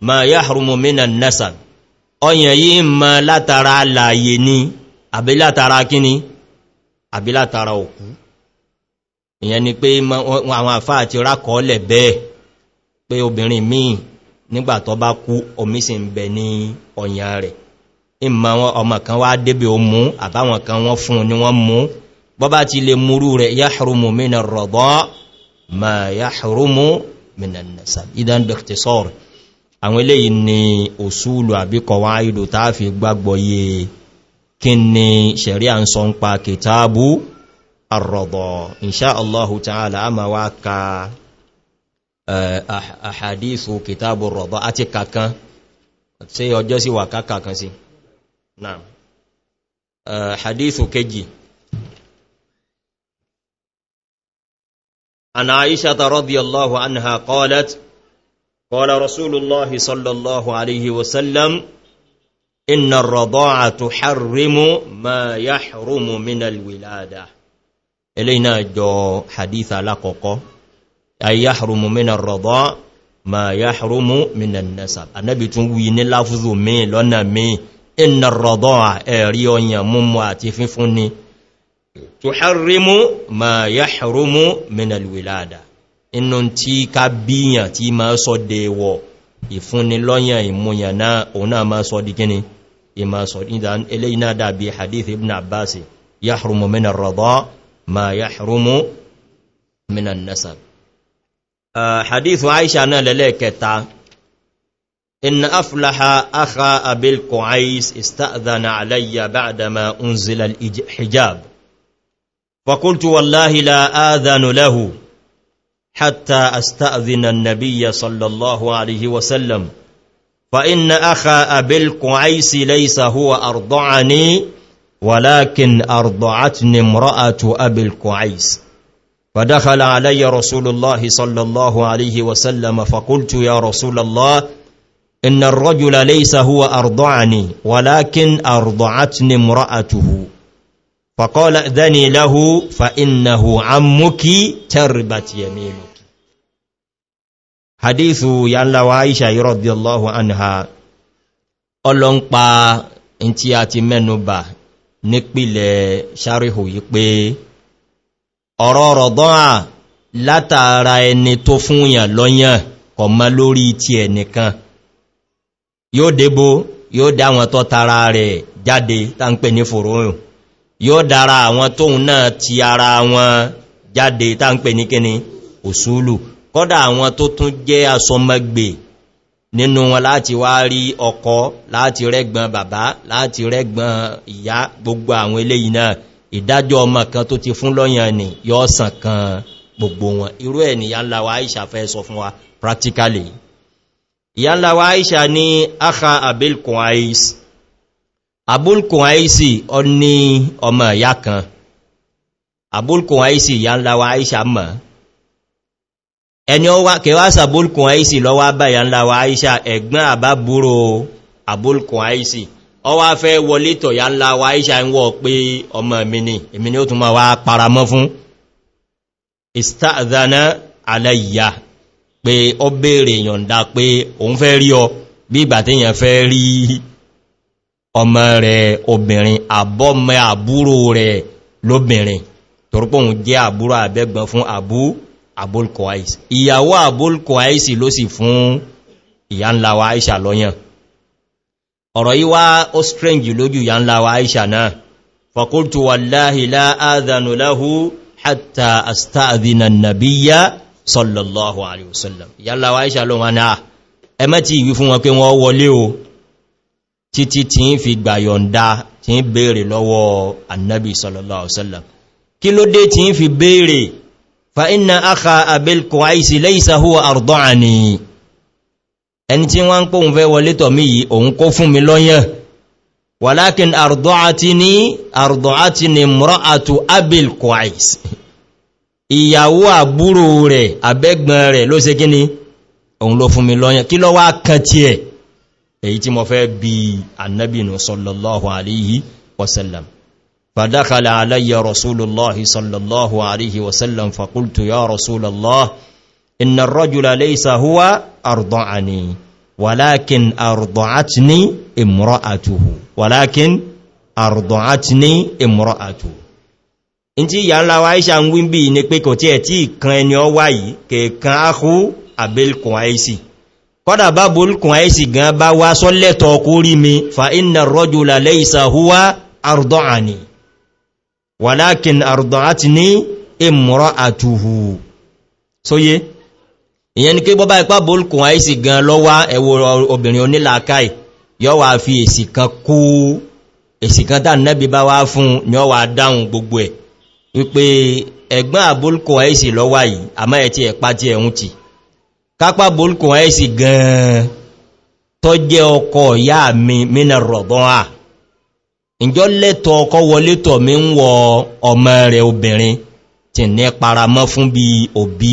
ma yahrumu minan nasab ọyàn yìí ma látara èyàn ni pé àwọn àfáà ti rákọọ́lẹ̀ bẹ́ẹ̀ pé obìnrin míì nígbàtọ́ bá kú omi sì ń bẹ ní ọ̀yàn rẹ̀ ìmọ̀ wọn ọmọ kan wá débè o mú àbáwọn kan wọ́n fún ni wọ́n mú bọ́bá ti lè múrú rẹ̀ yáhùrùmù mìnà ma yáhùrùmù mìnà nàṣà ìdán dr sọ́ọ̀rọ̀ àwọn eléyìí ni òsúlù àbíkọwà ìdò tààfi gbàgbọ́ yìí kí الرضا إن شاء الله تعالى أما وكا آه، أحاديث كتاب الرضا أتكا كان سيوجسي وكاكا كان سي نعم آه، حديث كجي عن عائشة رضي الله عنها قالت قال رسول الله صلى الله عليه وسلم إن الرضاعة تحرم ما يحرم من الولادة eléyìn náà jọ hadith alákọ̀ọ́kọ́ ayyáhùrùmù mínà rọ̀bọ́ ma yáhùrùmù mínà nasa annabi tún wuyi ní láfúzù míì lọ́nà míì iná rọ̀bọ́ ẹ̀rí ọyàn múmọ̀ àti fífún ni tó harrimu ma yáhùrùmù mínà lwìláàdà inú tí ká bíyàn tí ma sọ dẹ̀wọ̀ ìfúnni lọ́yàn ìmúyàn náà òun ما يحرم من النسب آه، حديث عائشة أنا لليكتا إن أفلح أخا أبي القعيس استأذن علي بعدما أنزل الحجاب فقلت والله لا آذن له حتى أستأذن النبي صلى الله عليه وسلم فإن أخا أبي القعيس ليس هو أرضعني ولكن أرضعتني امرأة أبي الكعيس فدخل علي رسول الله صلى الله عليه وسلم فقلت يا رسول الله إن الرجل ليس هو أرضعني ولكن أرضعتني امرأته فقال اذني له فإنه عمك تربت يمينك حديث يلا وعيشة رضي الله عنها ọlọ́npa in tí nípìlẹ̀ ṣáríhò yí pé ọ̀rọ̀ rọ̀dán à látara ẹni tó fún yàn lọ́yàn kọ̀mọ́ lórí ti ẹnìkan yóò débó yóò dá àwọn tó tara rẹ̀ jáde tá ń pè ní fòróhùn yóò dára àwọn tóun náà ti ara wọn jáde tá ń pè ní kíni òsúlù kọ́dà àwọn tó tún jẹ́ asọmọgbè nínú wọn láti wá rí ọkọ̀ láti rẹ́gbọ́n bàbá láti rẹ́gbọ́n ìyá gbogbo àwọn eléyìí náà ìdájọ́ ọmọ kan tó ti fún lọ́yàn ni yóò sàn kan gbogbo wọn irú ẹ̀ ni yánláwà aisha fẹ́ sọ fún wa practically yánláwà aisha ní aha abelkun ais abulkun aisi ọ ní ọmọ ìyá kan abulkun aisi yánláwà aisha mọ̀ ẹni ọwá kẹwà sàbólkùn àìsì lọ́wọ́ àbáyà ńlá wa àìṣà ẹ̀gbọ́n àbábúrò àbólkùn àìsì ọwá fẹ́ wọlé tọ̀yà ńlá wa àìṣà ń wọ́ pé ọmọ mi ni èmi ni ó tún ma wá paramọ́ fún istadana alayya pé ọ bèèrè yọ̀nda pé òun fẹ́ rí ọ bí ìgbà tí yẹn fẹ́ rí ọmọ rẹ̀ obìnrin àbọ́mọ àbúrò rẹ̀ lóbìnrin torípòun jẹ́ àbúrò àbẹ́gbọ́n fún àbú abúlkọ̀ àìsì ìyàwó abúlkọ̀ àìsì ló sì fún ìyà ńlá wa àìsà lọ́yàn ọ̀rọ̀ yí wá ó strange lójú ìyà ńlá wa àìsà náà fọkúrtù wà láhìlá áàdánù láhú hàtà àstàdínà nàbíyà sallallahu alaihi wasallam yàlá wa aisha lóhun náà ah, ẹ mẹ́ ti ìwí fún wọn pé wọ́n wọlé o títí tí ń fi gbàyọ̀ǹda tí ń bèèrè lọ́wọ́ annabi fa'ina aka abilku aisi laisa huwa ardọ́ani ẹni tí wọ́n ń pò ń fẹ́ wọlé tọ̀ mí yìí òun kó fún mi lọ́yàn wàlákin ardọ́atini ardọ́atini mọ́rọ̀atù abilku aisi ìyàwó àbúrò rẹ̀ abẹ́gbọ̀n rẹ̀ ló se gíní òun ló fún mi lọ́yàn kí lọ́wọ́ kan tí ẹ̀ èyí tí mo fẹ́ bí annabinu sallallahu alaihi wasallam فدخل علي رسول الله صلى الله عليه وسلم فقلت يا رسول الله إن الرجل ليس هو أرضعني ولكن أرضعتني امرأته ولكن أرضعتني امرأته inti ya nla wa aisha nwin bi ni pe ko ti e ti kan eni o wa yi ke kan akhu abel kun aisi kódà bá bolkun aisi gan bá wá sọ́lẹ̀tọ̀ kórí mi fa iná rọ́jùlá lẹ́ìsà huwa ardọ́ani wàlákin àrùdọ̀átì ní ìmúrọ̀ àtúhù sóyé ìyẹn ni kí bọ́bá ipá bolkùn àìsì gan lọ́wá ẹwọ obìnrin onílàákàì yọ́ wà fi èsì kan kú èsì kan tàn nẹ́bí bá wá fún yọ́ wà dáhùn gbogbo ẹ̀ wípé ẹ̀gbọ́n àbolkùn àìsì lọ́wá yìí àmá ẹ̀ ti ẹ̀pá ti ẹ̀hún ti kápá bolkùn àìsì gan tọ́jẹ́ ọkọ̀ ìyá mi mínà rọ̀bọ́n ìjọ lẹ́tọ̀ ọkọ̀ wọlé tọ̀ mi ń wọ ọmọ rẹ̀ obìnrin tí ní paramọ́ fún bí òbí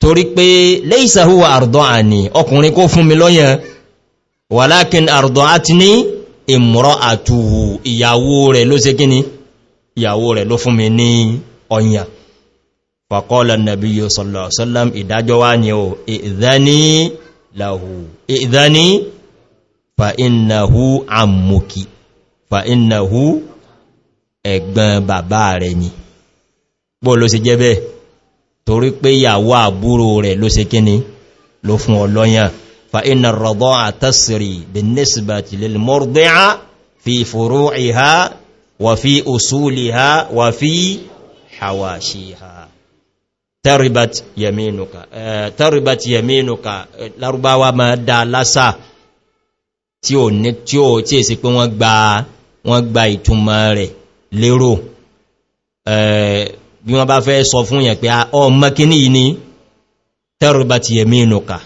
torí pé lẹ́ìsàhúwà àrùdọ́ àní ọkùnrin kó fún mi lọ́yẹn wà lákin àrùdọ́ àti ní ìmọ̀rọ̀ àtùwù ìyàwó rẹ̀ ló sé kíní ìyàwó rẹ̀ fa innahu ẹ̀gbọ́n bàbá rẹ̀ ni bó ló ṣe jẹ́ bẹ́ẹ̀ torí pé yàwó àbúrò rẹ̀ ló ṣe kíni ló fún ọlọ́yàn fa inna rọ̀dọ́ àtàsìrì bin nisbati lil mọ́rọ̀dẹ́á fi furu'iha wa fi usuliha wa fi hawashiha taribat yaminuka eh, taribat yaminuka larubawa ma da lasa tí ò ní tí ò tí è sí pé wọ́n gba wọ́n gba ìtumọ̀ rẹ̀ lérò bí wọ́n bá fẹ́ sọ fún yẹn pé ah, ọmọ kíní yìí ni tẹ́rùbá ti yẹ̀mí ìnùkà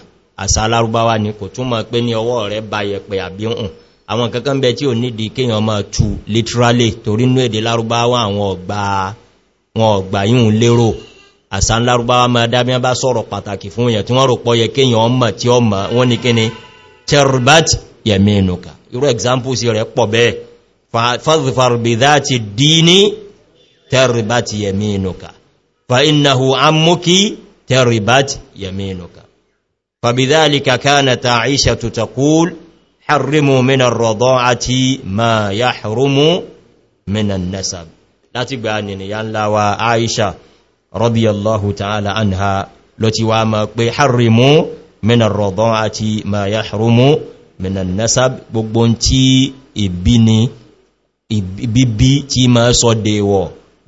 àṣà alárúbáwá ni kò túnmọ̀ pé ní ọwọ́ rẹ̀ bá yẹ̀pẹ̀ àbí hùn àwọn kankan bẹ tí ò nídi kéèyàn máa tù literally torí inú èdè lárúbáwá àwọn ọgbà yíhun lérò àṣà lárúbáwá máa dábí bá sọ̀rọ̀ pàtàkì fún yẹn tí wọ́n rò pọ̀ yẹ kéèyàn ọmọ tí ọmọ wọ́n ni kíni tẹ́rùbá yẹ̀mí ìnùkà irú examples rẹ̀ pọ̀ bẹ́ẹ̀ fadfar bi dhati dini tẹ́rìbáti yẹmínúka fa innahu ammuki tẹ́rìbáti yẹmínúka fa bi dhalika kanat aishatu taqul harrimu min ar-rada'ati ma yahrumu min an-nasab láti gba nìyàn láwa aisha radiyallahu ta'ala anha ló ti wá ma pé harrimu min ar-rada'ati ma yahrumu min an-nasab gbogbo tí ìbí ni ìbíbí tí ma sọ déwọ̀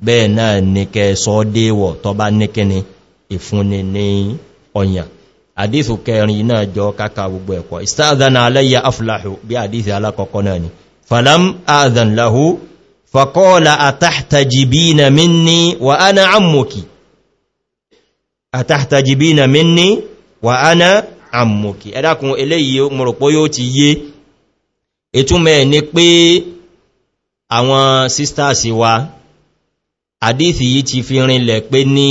bẹ́ẹ̀ náà ní kẹ sọ déwọ̀ tọ bá níkẹni ìfúnni ní ọ̀yàn àdífù kẹrin náà jọ káka gbogbo ẹ̀kọ́ ìsáàdánà aláyà afúláhù bí àdífì alákọ̀ọ́kọ́ náà ni falam áàdàn láhú fakọ́ọ̀lá àtàtàjìbínà minni wa ana ammuki àtàtàjìbínà minni wa ana ammuki ẹ̀dàkùn eléyìí mọ̀rọ̀pọ̀ yóò ti yé ètúnmẹ́ ni pé àwọn sisters wa àdífì yìí ti fi rinlẹ̀ pé ní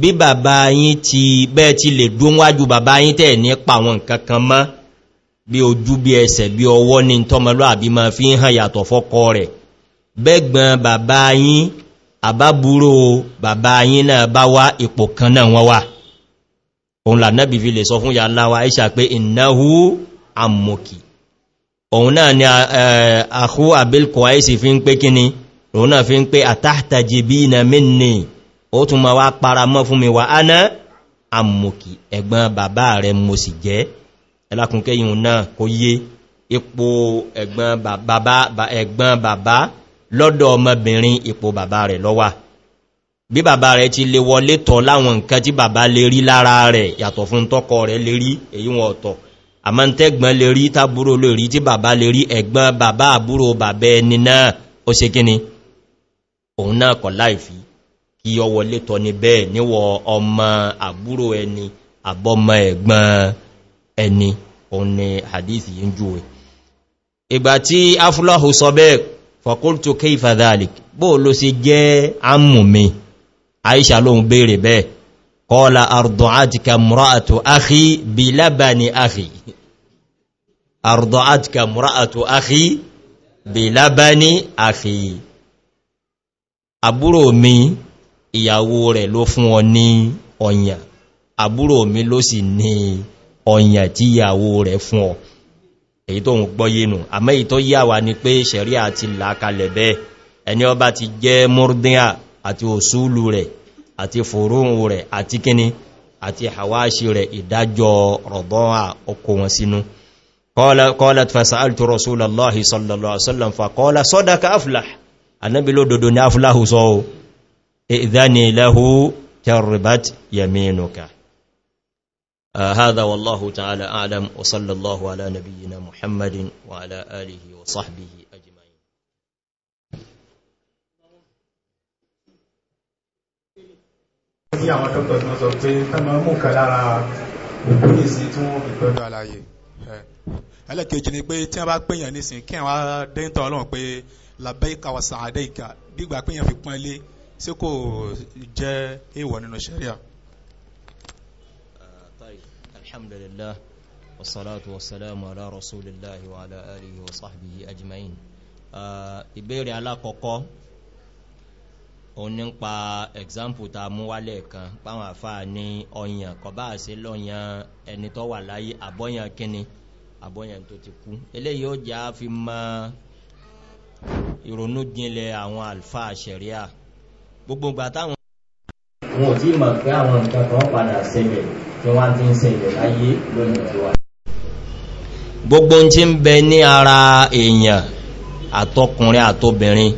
bí bàbá yín ti bẹ́ẹ̀ ti lè dún wájú bàbá yín tẹ̀ ní pàwọn kankan mọ́ bí ojú bí ẹsẹ̀ bí ọwọ́ ní tọ́mọlú àbí ma fi ń hàn yàtọ̀ fọ́kọ rẹ̀ bẹ́gbọ́n bàbá yín àbábúrò bàbá yín náà bá wá ipò kan náà wọ́n wà òun lànàbì fi lè sọ fún yà láwa ìṣà pé ìnáhú àmòkì òun náà ni àkú àbílkùn àìsì fi ń pé kíni òun náà fi ń pé àtàtàjì bí i na mínì ó tún ma wá para mọ́ fún mi wà áná àmòkì ẹ̀gbọ́n bàbá rẹ̀ mo sì jẹ́ ẹlákùnkẹ́yìn náà kó yé ipò ẹ̀gbọ́n bàbá lọ́dọ̀ ọmọbìnrin ipò bàbá rẹ̀ lọ́wà bí bàbá rẹ̀ ti lè wọlé tọ́ láwọn nǹkan tí bàbá lè rí lára rẹ̀ yàtọ̀ fún tọ́kọ rẹ̀ lè rí èyí wọn ọ̀tọ̀ àmọ́ tẹ́gbọ́n lè rí tábúrò lè rí tí bàbá lè rí ẹ̀gbọ́n bàbá àbúrò bàbá ẹni náà ó se kíni òun náà kọ̀ láìfí kí ọwọ́ lè tọ́ ní bẹ́ẹ̀ níwọ ọmọ àbúrò ẹni àbọ́mọ ẹ̀gbọ́n ẹni òun ni hadithi yí ń júwe ìgbà tí afúláhù sọ bẹ́ẹ̀ fọkúrtù kéfàdàlì bóò ló sì jẹ́ ámùmí aisha lóhun béèrè bẹ́ẹ̀ kọ́lá àrùdọ̀ájíkà mùráàtù áhì bí lábàní áhì àrùdọ̀ájíkà mùráàtù áhì bí lábàní áhì àbúrò mi ìyàwó rẹ̀ ló fún ọ ní ọ̀yà àbúrò mi ló sì ní ọ̀yà tí ìyàwó rẹ̀ fún ọ èyí tó ń gbọ́yénù àmẹ́ ìtọ́ yà wà ní pé ṣẹ̀rí àti làkalẹ̀ bẹ́ẹ̀ ẹni ọba ti jẹ́ mọ́rúdíà àti òṣúlù rẹ̀ àti fòróhùn rẹ̀ àti kíní àti hawashi rẹ̀ ìdájọ́ rọ̀bọ́nà okò wọn sínú kọ́lá fasáàlù rasúlọ́lọ́hì sallallahu alaihi wasallam fa kọ́lá sọ́dáka aflah annabi ló dodo ní aflahu sọ ìdáni lahu kẹrìbát yaminuka هذا والله تعالى أعلم وصلى الله على نبينا محمد وعلى آله وصحبه bí àwọn dókítà tí wọ́n sọ pé tọ́mọ mú kan lára òkú nìsí tí wọ́n fi tọ́jú àlàyé ẹlẹ́kejì ni pé tí wọ́n bá pèèyàn nísìn kí àwọn dẹ́ńtọ́ ọlọ́run pé labẹ́ìka wà sàádẹ́ìka gbígbà pèèyàn fi pọ́n ilé tí kò jẹ́ èèwọ̀ nínú sẹ́ríà. alhamdulillah wasalaatu wasalaamu ala rasulillahi wa ala alihi wa sahbihi ajma'in ìbéèrè alákọ̀ọ́kọ́ òun nípa example ta mú wálẹ̀ kan páwọn àfáà ní ọyàn kọba àṣẹ lọ́yàn ẹni tó wà láyé àbọ́yàn kíni àbọ́yàn tó ti kú eléyìí ó já fi mọ ìrònú jinlẹ̀ àwọn alfa ṣẹ̀ríà gbogbo ìgbà táwọn. wọn ò tí ì mọ̀ pé àwọn nǹkan kan padà ṣẹlẹ̀ tí wọ́n ti ń ṣẹlẹ̀ láyé lónìí tó ń bẹ ní ara èèyàn àtọkùnrin àtobìnrin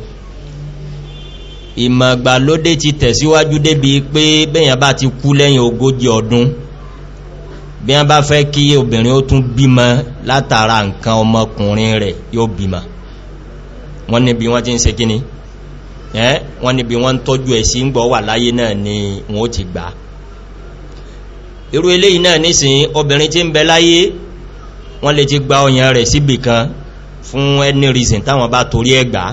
ìmọ̀gbà lódé ti tẹ̀síwájú débi pé bẹ́yàn bá ti kú lẹ́yìn ogójì ọdún bí wọ́n bá fẹ́ kí obìnrin ó tún bímọ látara nǹkan ọmọkùnrin rẹ̀ yóò bímọ wọ́n ní bí wọ́n ti ń ṣe kíní ẹ́ wọ́n ní wọ́n tọ́jú ẹ̀ sí gbọ́ wà láyé náà ni wọ́n ó ti gbà irú eléyìí náà nísìn obìnrin tí ń bẹ láyé wọ́n lè ti gba ọyàn rẹ̀ síbì kan fún any reason táwọn bá torí ẹ̀ gbàá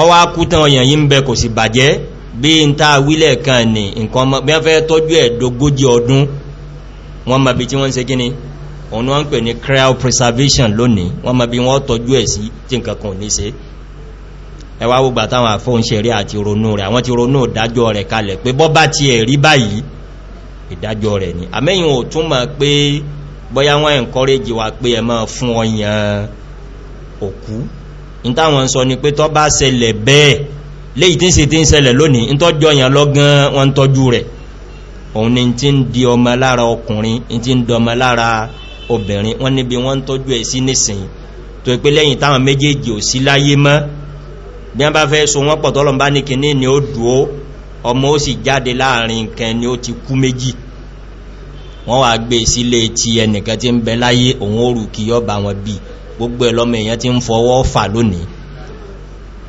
ọwọ́ akútàn ọ̀yàn yí ń bẹ kò sì bàjẹ́ bí n ta wílẹ̀ kan ní nǹkan ọmọ bí wọ́n fẹ́ tọ́jú ẹ̀ dógójì ọdún wọ́n ma bí tí wọ́n ń se gíní ọ̀nà wọ́n ń pè ní cryopreservation lónìí wọ́n ma bí wọ́n tọ́jú ẹ̀ sí tí nǹkan kan ní se ẹwà gbogbo àtàwọn àfóhun ṣe rí àti ronú rẹ̀ àwọn ti ronú ìdájọ́ rẹ̀ kalẹ̀ pé bọ́ bá ti ẹ̀ báyìí ìdájọ́ rẹ̀ ni àmẹ́yìn ò túnmọ̀ pé bọ́yá wọ́n encourage wa pé ẹ máa fún ọyàn òkú ní táwọn sọ ni pé tọ́ bá ṣẹlẹ̀ bẹ́ẹ̀ léyìí tí ń se tí ń ṣẹlẹ̀ lónìí ń tọ́jọ́ yàn lọ́gán wọn ń tọ́jú rẹ̀ òun ni tí ń di ọmọ lára ọkùnrin tí ń di ọmọ lára obìnrin wọ́n níbi wọ́n ń tọ́jú ẹ̀ sí nìsìn tó pé lẹ́yìn táwọn méjèèjì ò sí láyé mọ́ bí wọ́n bá fẹ́ so wọ́n pọ̀ tọ́lọ̀ ní kinní ni ó dúó ọmọ ó sì jáde láàrin nǹkan ni ó ti kú méjì wọ́n wà gbé e sílé ti ẹnìkan tí ń bẹ láyé òun ó rù kí yọ́ bá wọn bíi gbogbo ẹ̀lọ́mọ èèyàn ti ń fọwọ́ fà lónìí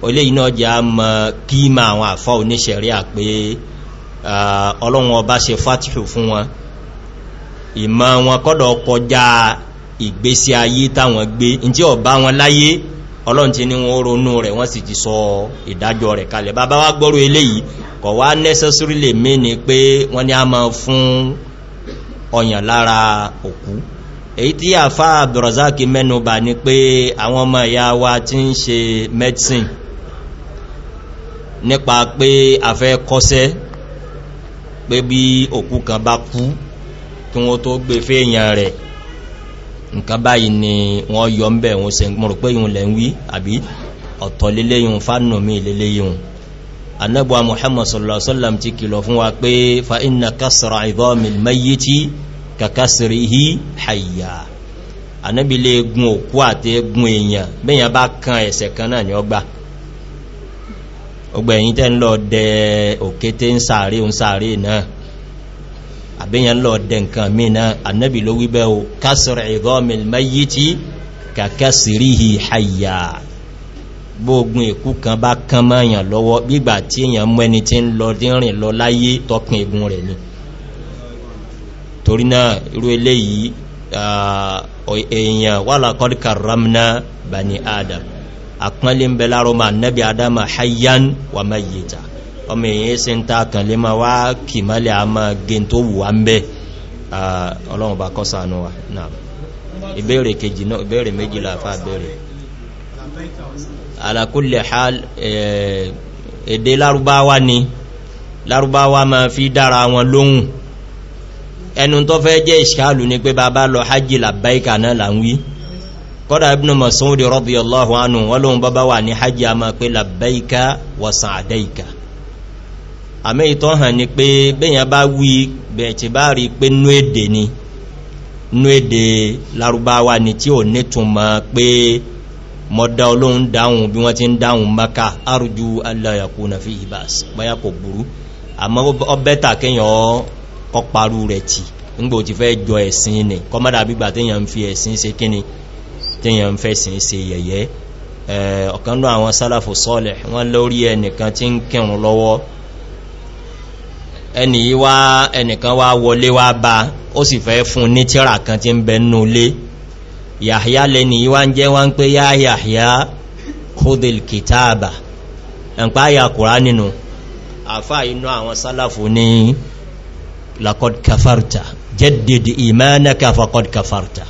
olè iná jẹ́ a mọ̀ kí ma àwọn àfá oníṣẹ̀rí àpé ọlọ́run ọba ṣe fàtíhù fún wọn ìmọ̀ wọn kọ́dọ̀ kọjá ìgbésí ayé táwọn gbé tí ọba wọn láyé ọlọ́run ti ní wọn ronú rẹ̀ wọ́n sì ti sọ ìdájọ́ rẹ̀ kalẹ̀ bàbá wá gbọ́rú eléyìí kọ̀ wá necessarily mí ni pé wọ́n ni a mọ̀ fún ọyàn lára òkú èyí tí àfá àbdùrọ̀záàkì mẹ́nubà ni pé àwọn ọmọ ìyá wa ti ń ṣe medicine nípa pé àfẹ́ kọ́sẹ́ pé bí òkú kan bá kú kí wọ́n tó gbé fèèyàn rẹ̀ nǹkan báyìí ni wọ́n yọ ń bẹ̀ wọ́n se mọ̀rọ̀ pé yìí lẹ́ ń wí àbí ọ̀tọ̀ léléyìn fánà mí léléyìn muhammadu sallallahu alaihi wasallam ti kìlọ̀ fún wa pé fa inna kasra idhamil mayyiti kàkásìríhì hayya anábi lè gun òkú àti gun èèyàn bẹ́yàn bá kan ẹ̀sẹ̀ kan náà ni ọgbà ọgbà ẹ̀yìn tẹ́ ń lọ dẹ òkété ń sàárè ń sàárè náà àbíyàn lọ dẹ nǹkan mìíràn anábi ló wíbẹ́ o kásìrì ìdọ́mìl mayyiti torí náà irú eléyìí èèyàn wà lákọ́dí karramna bani adam àpọ́nlé ń bẹ láàrọ ma nẹ́bí adama hayyan wa mayyita ọmọ èèyàn sí ń takan lè ma wá kì mọ́lẹ̀ a ma gẹn tó wù wá ń bẹ́ ọlọ́run bá kọ́ sànú wa náà ìbéèrè kejì náà ìbéèrè méjì láfá béèrè ala kulli lárúbáwá ni lárúbáwá ma fi dára wọn lóhun ẹnu tó fẹ́ jẹ́ ìṣàlù ní pé bàbá lọ hajji làbáìkà náà là ń wí kọ́dà ibn masoud radiyallahu anhu wọ́n lóhun bàbá wà ní hajji a máa pé làbáìkà wa sa'adaika àmì ìtọ́ hàn ní pé bẹ́yàn bá wí bẹ̀ẹ̀tì bá rí pé nú èdè ni nú èdè larubawa ni tí ò nítumọ̀ pé mọ́dá olóhun dáhùn bí wọ́n ti ń dáhùn kọ parú rẹ̀ tì ńgbò ti fẹ́ jọ ẹ̀sìn ni kọ mọ́dá gbígbà tíyàn ń fi ẹ̀sìn ṣe kíni tíyàn ń fẹ́ sin ṣe yẹ̀yẹ́ ọ̀kanú àwọn sálàfò sọ́lẹ̀ wọ́n lórí ẹnìkan tí ń kírun lọ́wọ́ ẹni wá ẹnìkan wá wọlé wá bá ó sì fẹ́ fún ní tíra kan tí ń bẹ nú lé yàhíyá lẹ́ni wá ń jẹ́ wá ń pé yá yàhíyá khudil kìtàbà ẹ̀npá yà kùrá nínú àfáà inú àwọn sálàfò ní laqad kafarta jaddid imanaka faqad kafarta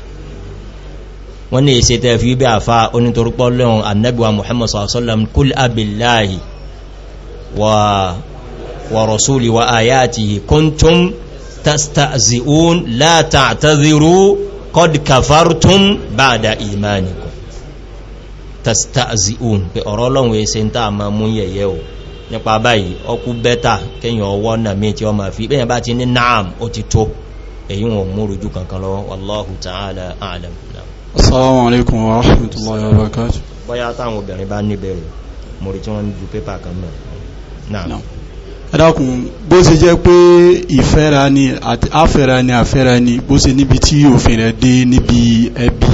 wọ́n ní ìṣẹ́ tẹ́ fi bí àfá onítorúpọ̀ lẹ́hùn annabiwa muhammad sallam kul abillahi wa wa rasuli wa ayatihi kuntum tasta'zi'un la ta'tadhiru qad kafartum ba'da imanikum tasta'zi'un pé ọ̀rọ̀ Ọlọ́hun ese nta ma mú yẹ̀yẹ́ nípa báyìí ọkú bẹ́ta kẹyìn ọwọ́ náà mí tí ọmọ fi bẹ́yàn bá ti ní naam ó ti tó èyí wọn kankan lọ wallahu ta'ala a'lam assalamu alaikum wa rahmatullahi wa barakatuh bọ́yá táwọn obìnrin bá níbẹ̀rẹ̀ mọ̀rí tí wọ́n ju pépà ni àfẹ́ra ni àfẹ́ra ni bó ṣe níbi tí òfin rẹ̀ dé níbi ẹbí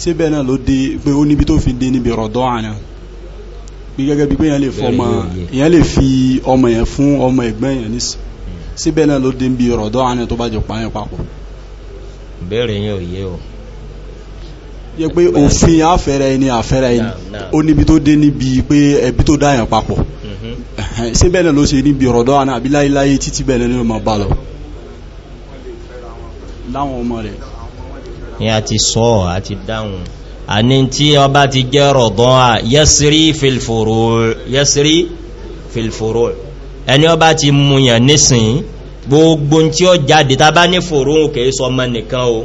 síbẹ̀ náà ló dé pé ó níbi tó fi dé níbi rọ̀dọ́ àná pé gẹ́gẹ́ bí pé èèyàn lè fọmọ èèyàn lè fi ọmọ yẹn fún ọmọ ẹ̀gbọ́n yẹn nísì síbẹ̀ náà ló dé ń bi ọ̀rọ̀ dọ́ àánú tó bá jọ pa yẹn papọ̀. bẹ́ẹ̀rẹ̀ yẹn ò yé o. yẹ pé òfin àfẹ́rẹ́ ẹni àfẹ́rẹ́ ẹni ó níbi tó dé níbi pé ẹbí tó dá yẹn papọ̀ mm-hmm. síbẹ̀ náà ló ṣe níbi ọ̀rọ̀ dọ́ àbí láyéláyé títí bẹ́ẹ̀ náà ló máa bá lọ. láwọn ọmọ rẹ̀. ni a ti sọ a ti dáhùn àní tí ọba ti jẹ́ rọ̀dán à yẹ́sírí fìlfòrò ẹni ọba ti múyàn nísìn gbogbo tí ó jáde ta bá ní fòróhùn kìí sọ ọmọ nìkan o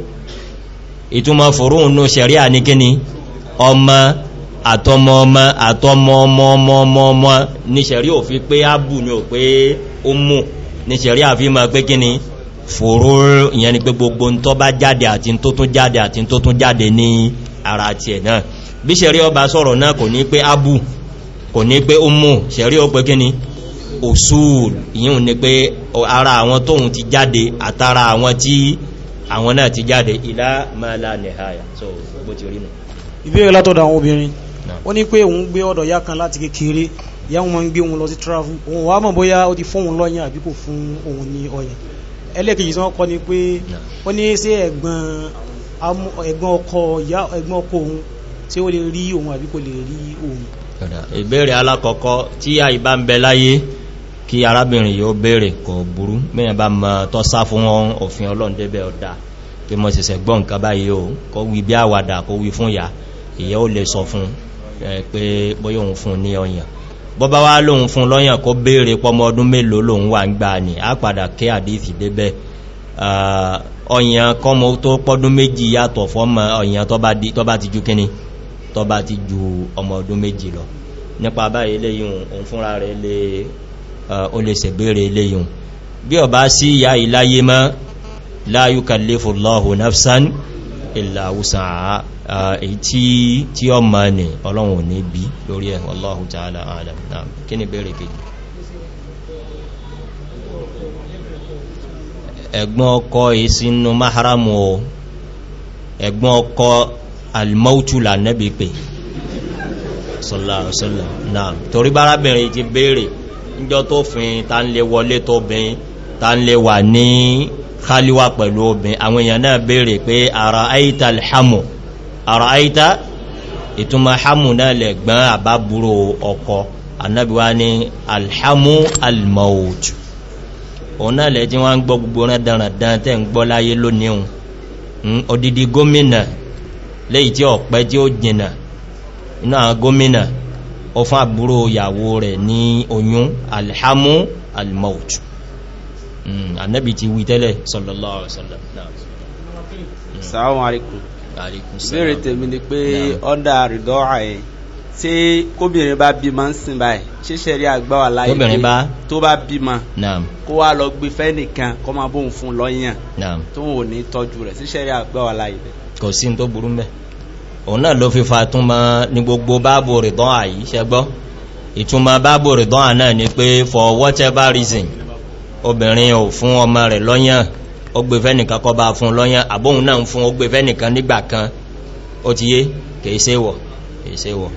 ìtumọ̀ fòróhùn ní ṣẹ̀rí àníkíní ọmọ àtọmọ ọmọ àtọmọ ọmọ ọmọ ọmọ ọmọ ní ṣẹ̀rí ò fi pé ábù ní ò pé ó mú ní ṣẹ̀rí àfihàn pé kíní fòró ìyẹn ni pé gbogbo ń tọ́ bá jáde àti tó tún jáde àti tó tún jáde ní ara ti ẹ̀ náà bí ṣẹ̀rí ọba sọ̀rọ̀ náà kò ní pé abu kò ní pé umu ṣẹ̀rí ó pé kíni òṣùl ìyún ni pé ara àwọn tóhun ti jáde àtara àwọn tí àwọn náà ti jáde ilá mala nihaya so bó ti rí nù ìbéèrè látọ̀dọ̀ àwọn obìnrin ó ní pé òun gbé ọ̀dọ̀ ya kan láti kékeré ya wọn ń gbé òun lọ sí travel òun wá mọ̀ bóyá ó ti fún òun lọ́yìn àbí kò fún òun ní ọyàn ẹlẹ́kejì tí ni pé ó ní sí ẹ̀gbọ́n ẹ̀gbọ́n ọkọ ìyá ẹ̀gbọ́n ọkọ òun tí ó lè rí òun àbí kò lè rí òun ìbéèrè alákọ̀ọ́kọ́ tí a ìbá ń bẹ láyé kí arábìnrin yóò béèrè kò burú mẹ́yàn bá mọ́ tọ́ sá fún òfin Ọlọ́run débẹ̀ ọ̀dá pé mọ́ sẹ̀sẹ̀ o kó wí bí àwàdà kó wí fún ìyá ìyẹ́ ó lè sọ fún pé bóyá òun fún ní ọyàn bọ́ bá wá lóhun fún lọ́yàn kó béèrè pọ́mọ ọdún mélòó lòun ọ̀yàn kọmọ tó pọ́dún méjì yàtọ̀ fọ́mọ ọ̀yàn tó bá ti ju kíní tó bá ti ju ọmọ ọdún méjì lọ nípa báyìí eléyìn òun fúnra rẹ̀ lè o lè sẹ̀bẹ̀rẹ̀ eléyìn bí ọba sí ìyá ìláyé mọ́ la yukallifu nafsan illa wus'aha èyí tí ọmọ ní ọlọ́run ní bí lórí ẹ̀ ta'ala a'lam náà kí ni ẹ̀gbọ́n ọkọ ìsinú maharamu o ẹ̀gbọ́n ọkọ almautu lànẹ́bí pé sọ́lọ̀sọ́lọ̀ náà torí bárábìnrin ti béèrè níjọ́ tó fin ta ń lè wọlé tó bin ta ń lè wà ní khaliwa pẹ̀lú obin àwọn èèyàn náà béèrè pé ara aita alhamu ara aita ìtumọ̀ hamu náà lè gbọ́n àbábúrò ọkọ̀ annabi ni alhamu almautu òun náà lẹ́ tí wọ́n ń gbọ́ gbogbo rán tẹ́ ń gbọ́ láyé lónìí òun hmm, odidi gómìnà léyìí tí ọ̀pẹ́ tí ó jìnà inú gómìnà ó fún àbúrò ìyàwó rẹ̀ ní oyún alhamu almaut annabi hmm, ti wí tẹ́lẹ̀ sallallahu alaihi wasallam ṣé kóbìnrin bá bímọ ń sìn báyìí ṣíṣe rí àgbà wà láyé kóbìnrin bá tó bá bímọ kó wá lọ gbé fẹ́nìkan kó máa bóun fún lọ́yàn tó ò ní tọ́jú rẹ̀ ṣíṣe rí àgbà wà láyé bẹ́ẹ̀. kò sí tó burú mẹ́ òun náà ló fi fa túnmọ̀ ní gbogbo báàbò rìdán àyí ṣẹgbọ́ ìtumọ̀ báàbò rìdán àná ni pé for whatever reason obìnrin ò fún ọmọ rẹ̀ lọ́yàn ó gbé fẹ́nìkan kọ́ bá fún lọ́yàn àbóhun náà ń fún ó gbé fẹ́nìkan nígbà kan ó ti yé kèé ṣe wọ̀ ìṣẹ́wọ̀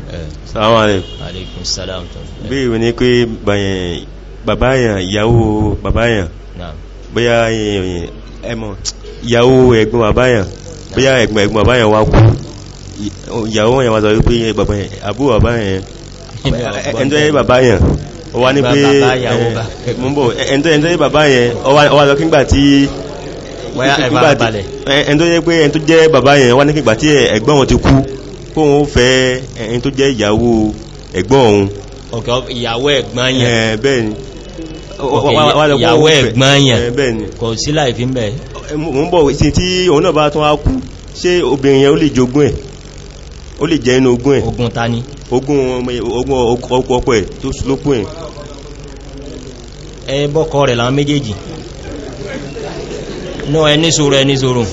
ìyàwó ẹ̀gbọ́n àbáyàn bóyá ẹ̀gbọ́n ẹ̀gbọ́n àbáyàn wá kú ìyàwó ẹ̀yàn wá sọ wípé àbúrò àbáyàn ẹ̀ntọ́ ẹ̀ bàbá yẹn ó wá ní pé ẹ̀ntọ́ ẹ̀ bàbá yẹn ó wá lọ kígbà tí ẹ̀ntọ́ jẹ́ pé ẹ̀ntọ́ jẹ́ bàbá yẹn wá ní kígbà tí ẹ̀gbọ́n wọn ti kú kóhun ó fẹ́ ẹni tó jẹ́ ìyàwó ẹ̀gbọ́n òun ọ̀kẹ́ ìyàwó ẹ̀gbọ́n yẹn eh, bẹ́ẹ̀ni ìyàwó ẹ̀gbọ́n yẹn eh, kò sí láì fi ń bẹ̀ eh, mọ́ bọ̀ sí tí òun náà bá tún á kú ṣé obìnrin yẹn ó lè jogún ẹ̀ ó lè jẹ́ inú ogún ẹ̀ ogún ta ni ogún ọkọ̀ ọkọ̀ ẹ̀ tó lókún ẹ̀ ẹ bọ́kọ rẹ̀ láwọn méjèèjì náà ẹ níṣòro ẹ níṣòro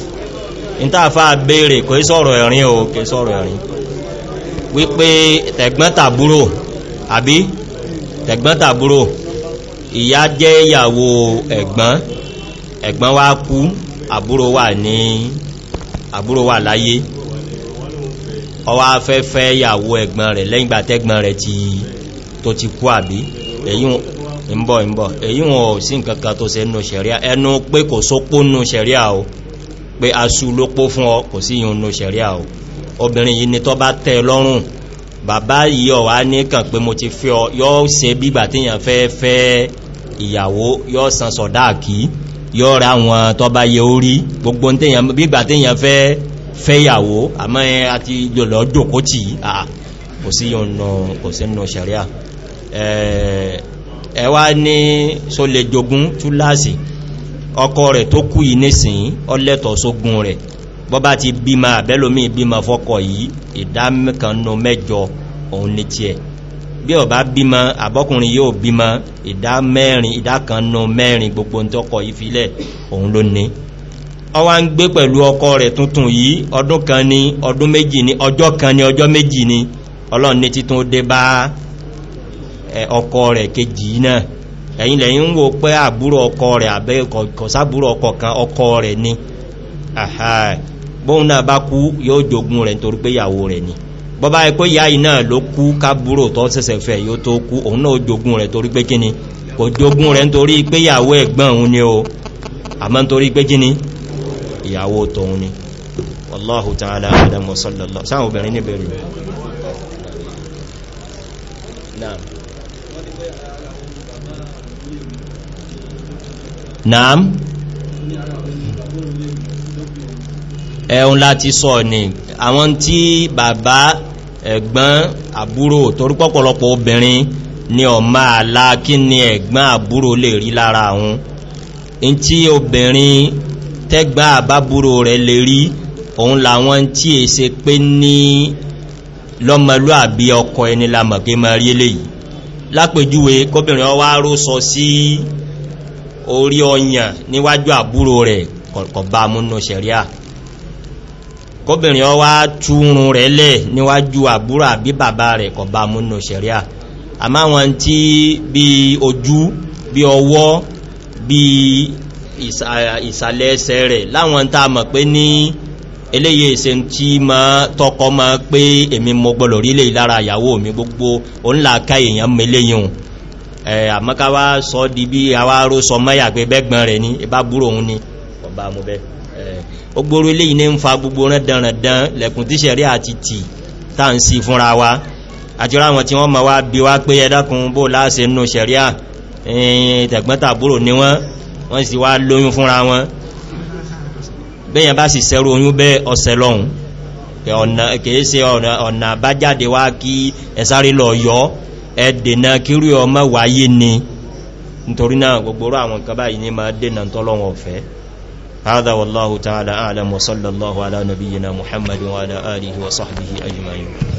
ìtàfà béèrè kò sọ̀rọ̀ ẹ̀rin o kò sọ̀rọ̀ ẹ̀rin wípé tẹ̀gbọ́ntàbúrò àbí tẹ̀gbọ́ntàbúrò ìyá jẹ́ ìyàwó ẹ̀gbọ́n ẹ̀gbọ́n wá kú àbúrò wà ní àbúrò wà láyé ọwá afẹ́fẹ́ ìyàwó ẹ̀gbọ́n rẹ̀ lẹ́yìn gbàtẹ́gbọ́n rẹ̀ ti tó ti kú àbí èyí ń bọ̀ ń bọ̀ èyí wọn ò sí nǹkan kan tó ṣe nù sẹ̀ríà ẹnu pé kò sópó nù sẹ̀ríà o pé aṣù ló pó fún ọ kò sí yìí ń lo ṣẹ̀ríà o obìnrin yìí ni tọ́ bá tẹ́ lọ́rùn bàbá yìí ọ̀wá ní kàn pé mo ti fẹ́ ọ yọ́ ṣe bígbà tíyàn fẹ́ fẹ́ ìyàwó yọ́ san sọ̀dáàkì yọ́ ra àwọn tọ́ bá yẹ orí gbogbo bígbà tíyàn fẹ́ fẹ́ ìyàwó àmọ́ àti lọ́lọ́ jòkó tì kò sí yìí ń lo ṣẹ̀ríà ẹ wá ní so lè jogún túláàsì ọkọ rẹ̀ tó kú yìí nísìn ọlẹ́tọ̀ sógún rẹ̀ bọ́bá ti bímọ àbẹ́lómí bímọ fọ́kọ̀ yìí ìdámẹ́kànnú mẹ́jọ òun ní tí ẹ̀ bí ọ̀bá bímọ àbọ́kùnrin yóò bímọ ìdá mẹ́rin ìdákànnú mẹ́rin gbogbo tọ́kọ̀ yìí filẹ̀ òun ló ní ọwá ń gbé pẹ̀lú ọkọ rẹ̀ tuntun yìí ọdún kan ní ọdún méjì ní ọjọ́ kan ní ọjọ́ méjì ní ọlọ́run ní títún dé bá ọkọ rẹ̀ kejì náà ẹ̀yìn lẹ́yìn ń wo pé àbúrò ọkọ rẹ̀ àbẹ́ kọ̀sábúrò ọkọ kan ọkọ rẹ̀ ni bóhun náà bá kú yóò jogun rẹ̀ nítorí pé ìyàwó rẹ̀ ni bọ́bá ẹ pé ìyá yìí náà ló kú kábúrò tó sẹ̀sẹ̀ fẹ̀ yóò tó kú òun náà jogun rẹ̀ torí pé kíni kò jogun rẹ̀ nítorí pé ìyàwó ẹ̀gbọ́n òun ni o àmọ́ nítorí pé kíni ìyàwó naam ẹ̀hùn láti sọ ní àwọn tí bàbá ẹ̀gbọ́n àbúrò torúpọ̀pọ̀lọpọ̀ obìnrin ni ọmọ àlá kí ni ẹ̀gbọ́n àbúrò lè rí lára àwọn in tí obìnrin tẹ́gbọ́n àbábúrò rẹ̀ lè rí òun làwọn tí è se pé ní lọ́mọlúàbí ọkọ ẹni lamọ̀ pé ma rí lápèjúwe kóbìnrin ọwá ró sọ sí si, orí ọyàn níwájú àbúrò rẹ̀ kọ̀bá múnú sẹ̀ríà kóbìnrin ọwá túrun rẹ̀ lẹ̀ níwájú àbúrò àbí bàbá rẹ̀ kọ̀bá múnú sẹ̀ríà àmá wọn tí bí ojú bí ọwọ́ bí ìsàlẹ̀ ẹsẹ̀ rẹ̀ láwọn tá a mọ̀ pé ní eléyìí ìse tí ma tọkọ ma pé èmi mo gbọ́lọ̀ rí lè lára ìyàwó mi gbogbo òun làákà èèyàn mẹ́lẹ́yìn àmọ́káwá sọ di bí àwárò sọ mọ́yà pé bẹ́gbọ́n rẹ̀ ní ibá búrò òun ni ọba mú bẹ́ ogboro ilé iné ń fa gbogbo rán dánrandán lẹ̀kùn tí sẹ̀rí àti tì tàà ń sí fúnra wa àti ráwọn tí wọ́n ma wá bí wá pé ẹdákun bó láàṣẹ nù sẹ̀ríà tẹ̀gbọ́ntàbúrò ni wọ́n wọ́n sì wá lóyún fúnra wọn bẹ́yàn bá sì sẹ́rú oyún bẹ́ ọ̀sẹ̀ lọ́hun kèése ọ̀nà àbájáde wá kí ẹ̀sáré lọ yọ́ ẹ̀dẹ̀nà kírú ọmọ wáyé ni nítorí náà gbogboro àwọn kaba yìí ní ma dẹ̀nà tọ́lọ́wọ̀n ọ̀fẹ́ هذا والله تعالى أعلم وصلى الله على نبينا محمد وعلى آله وصحبه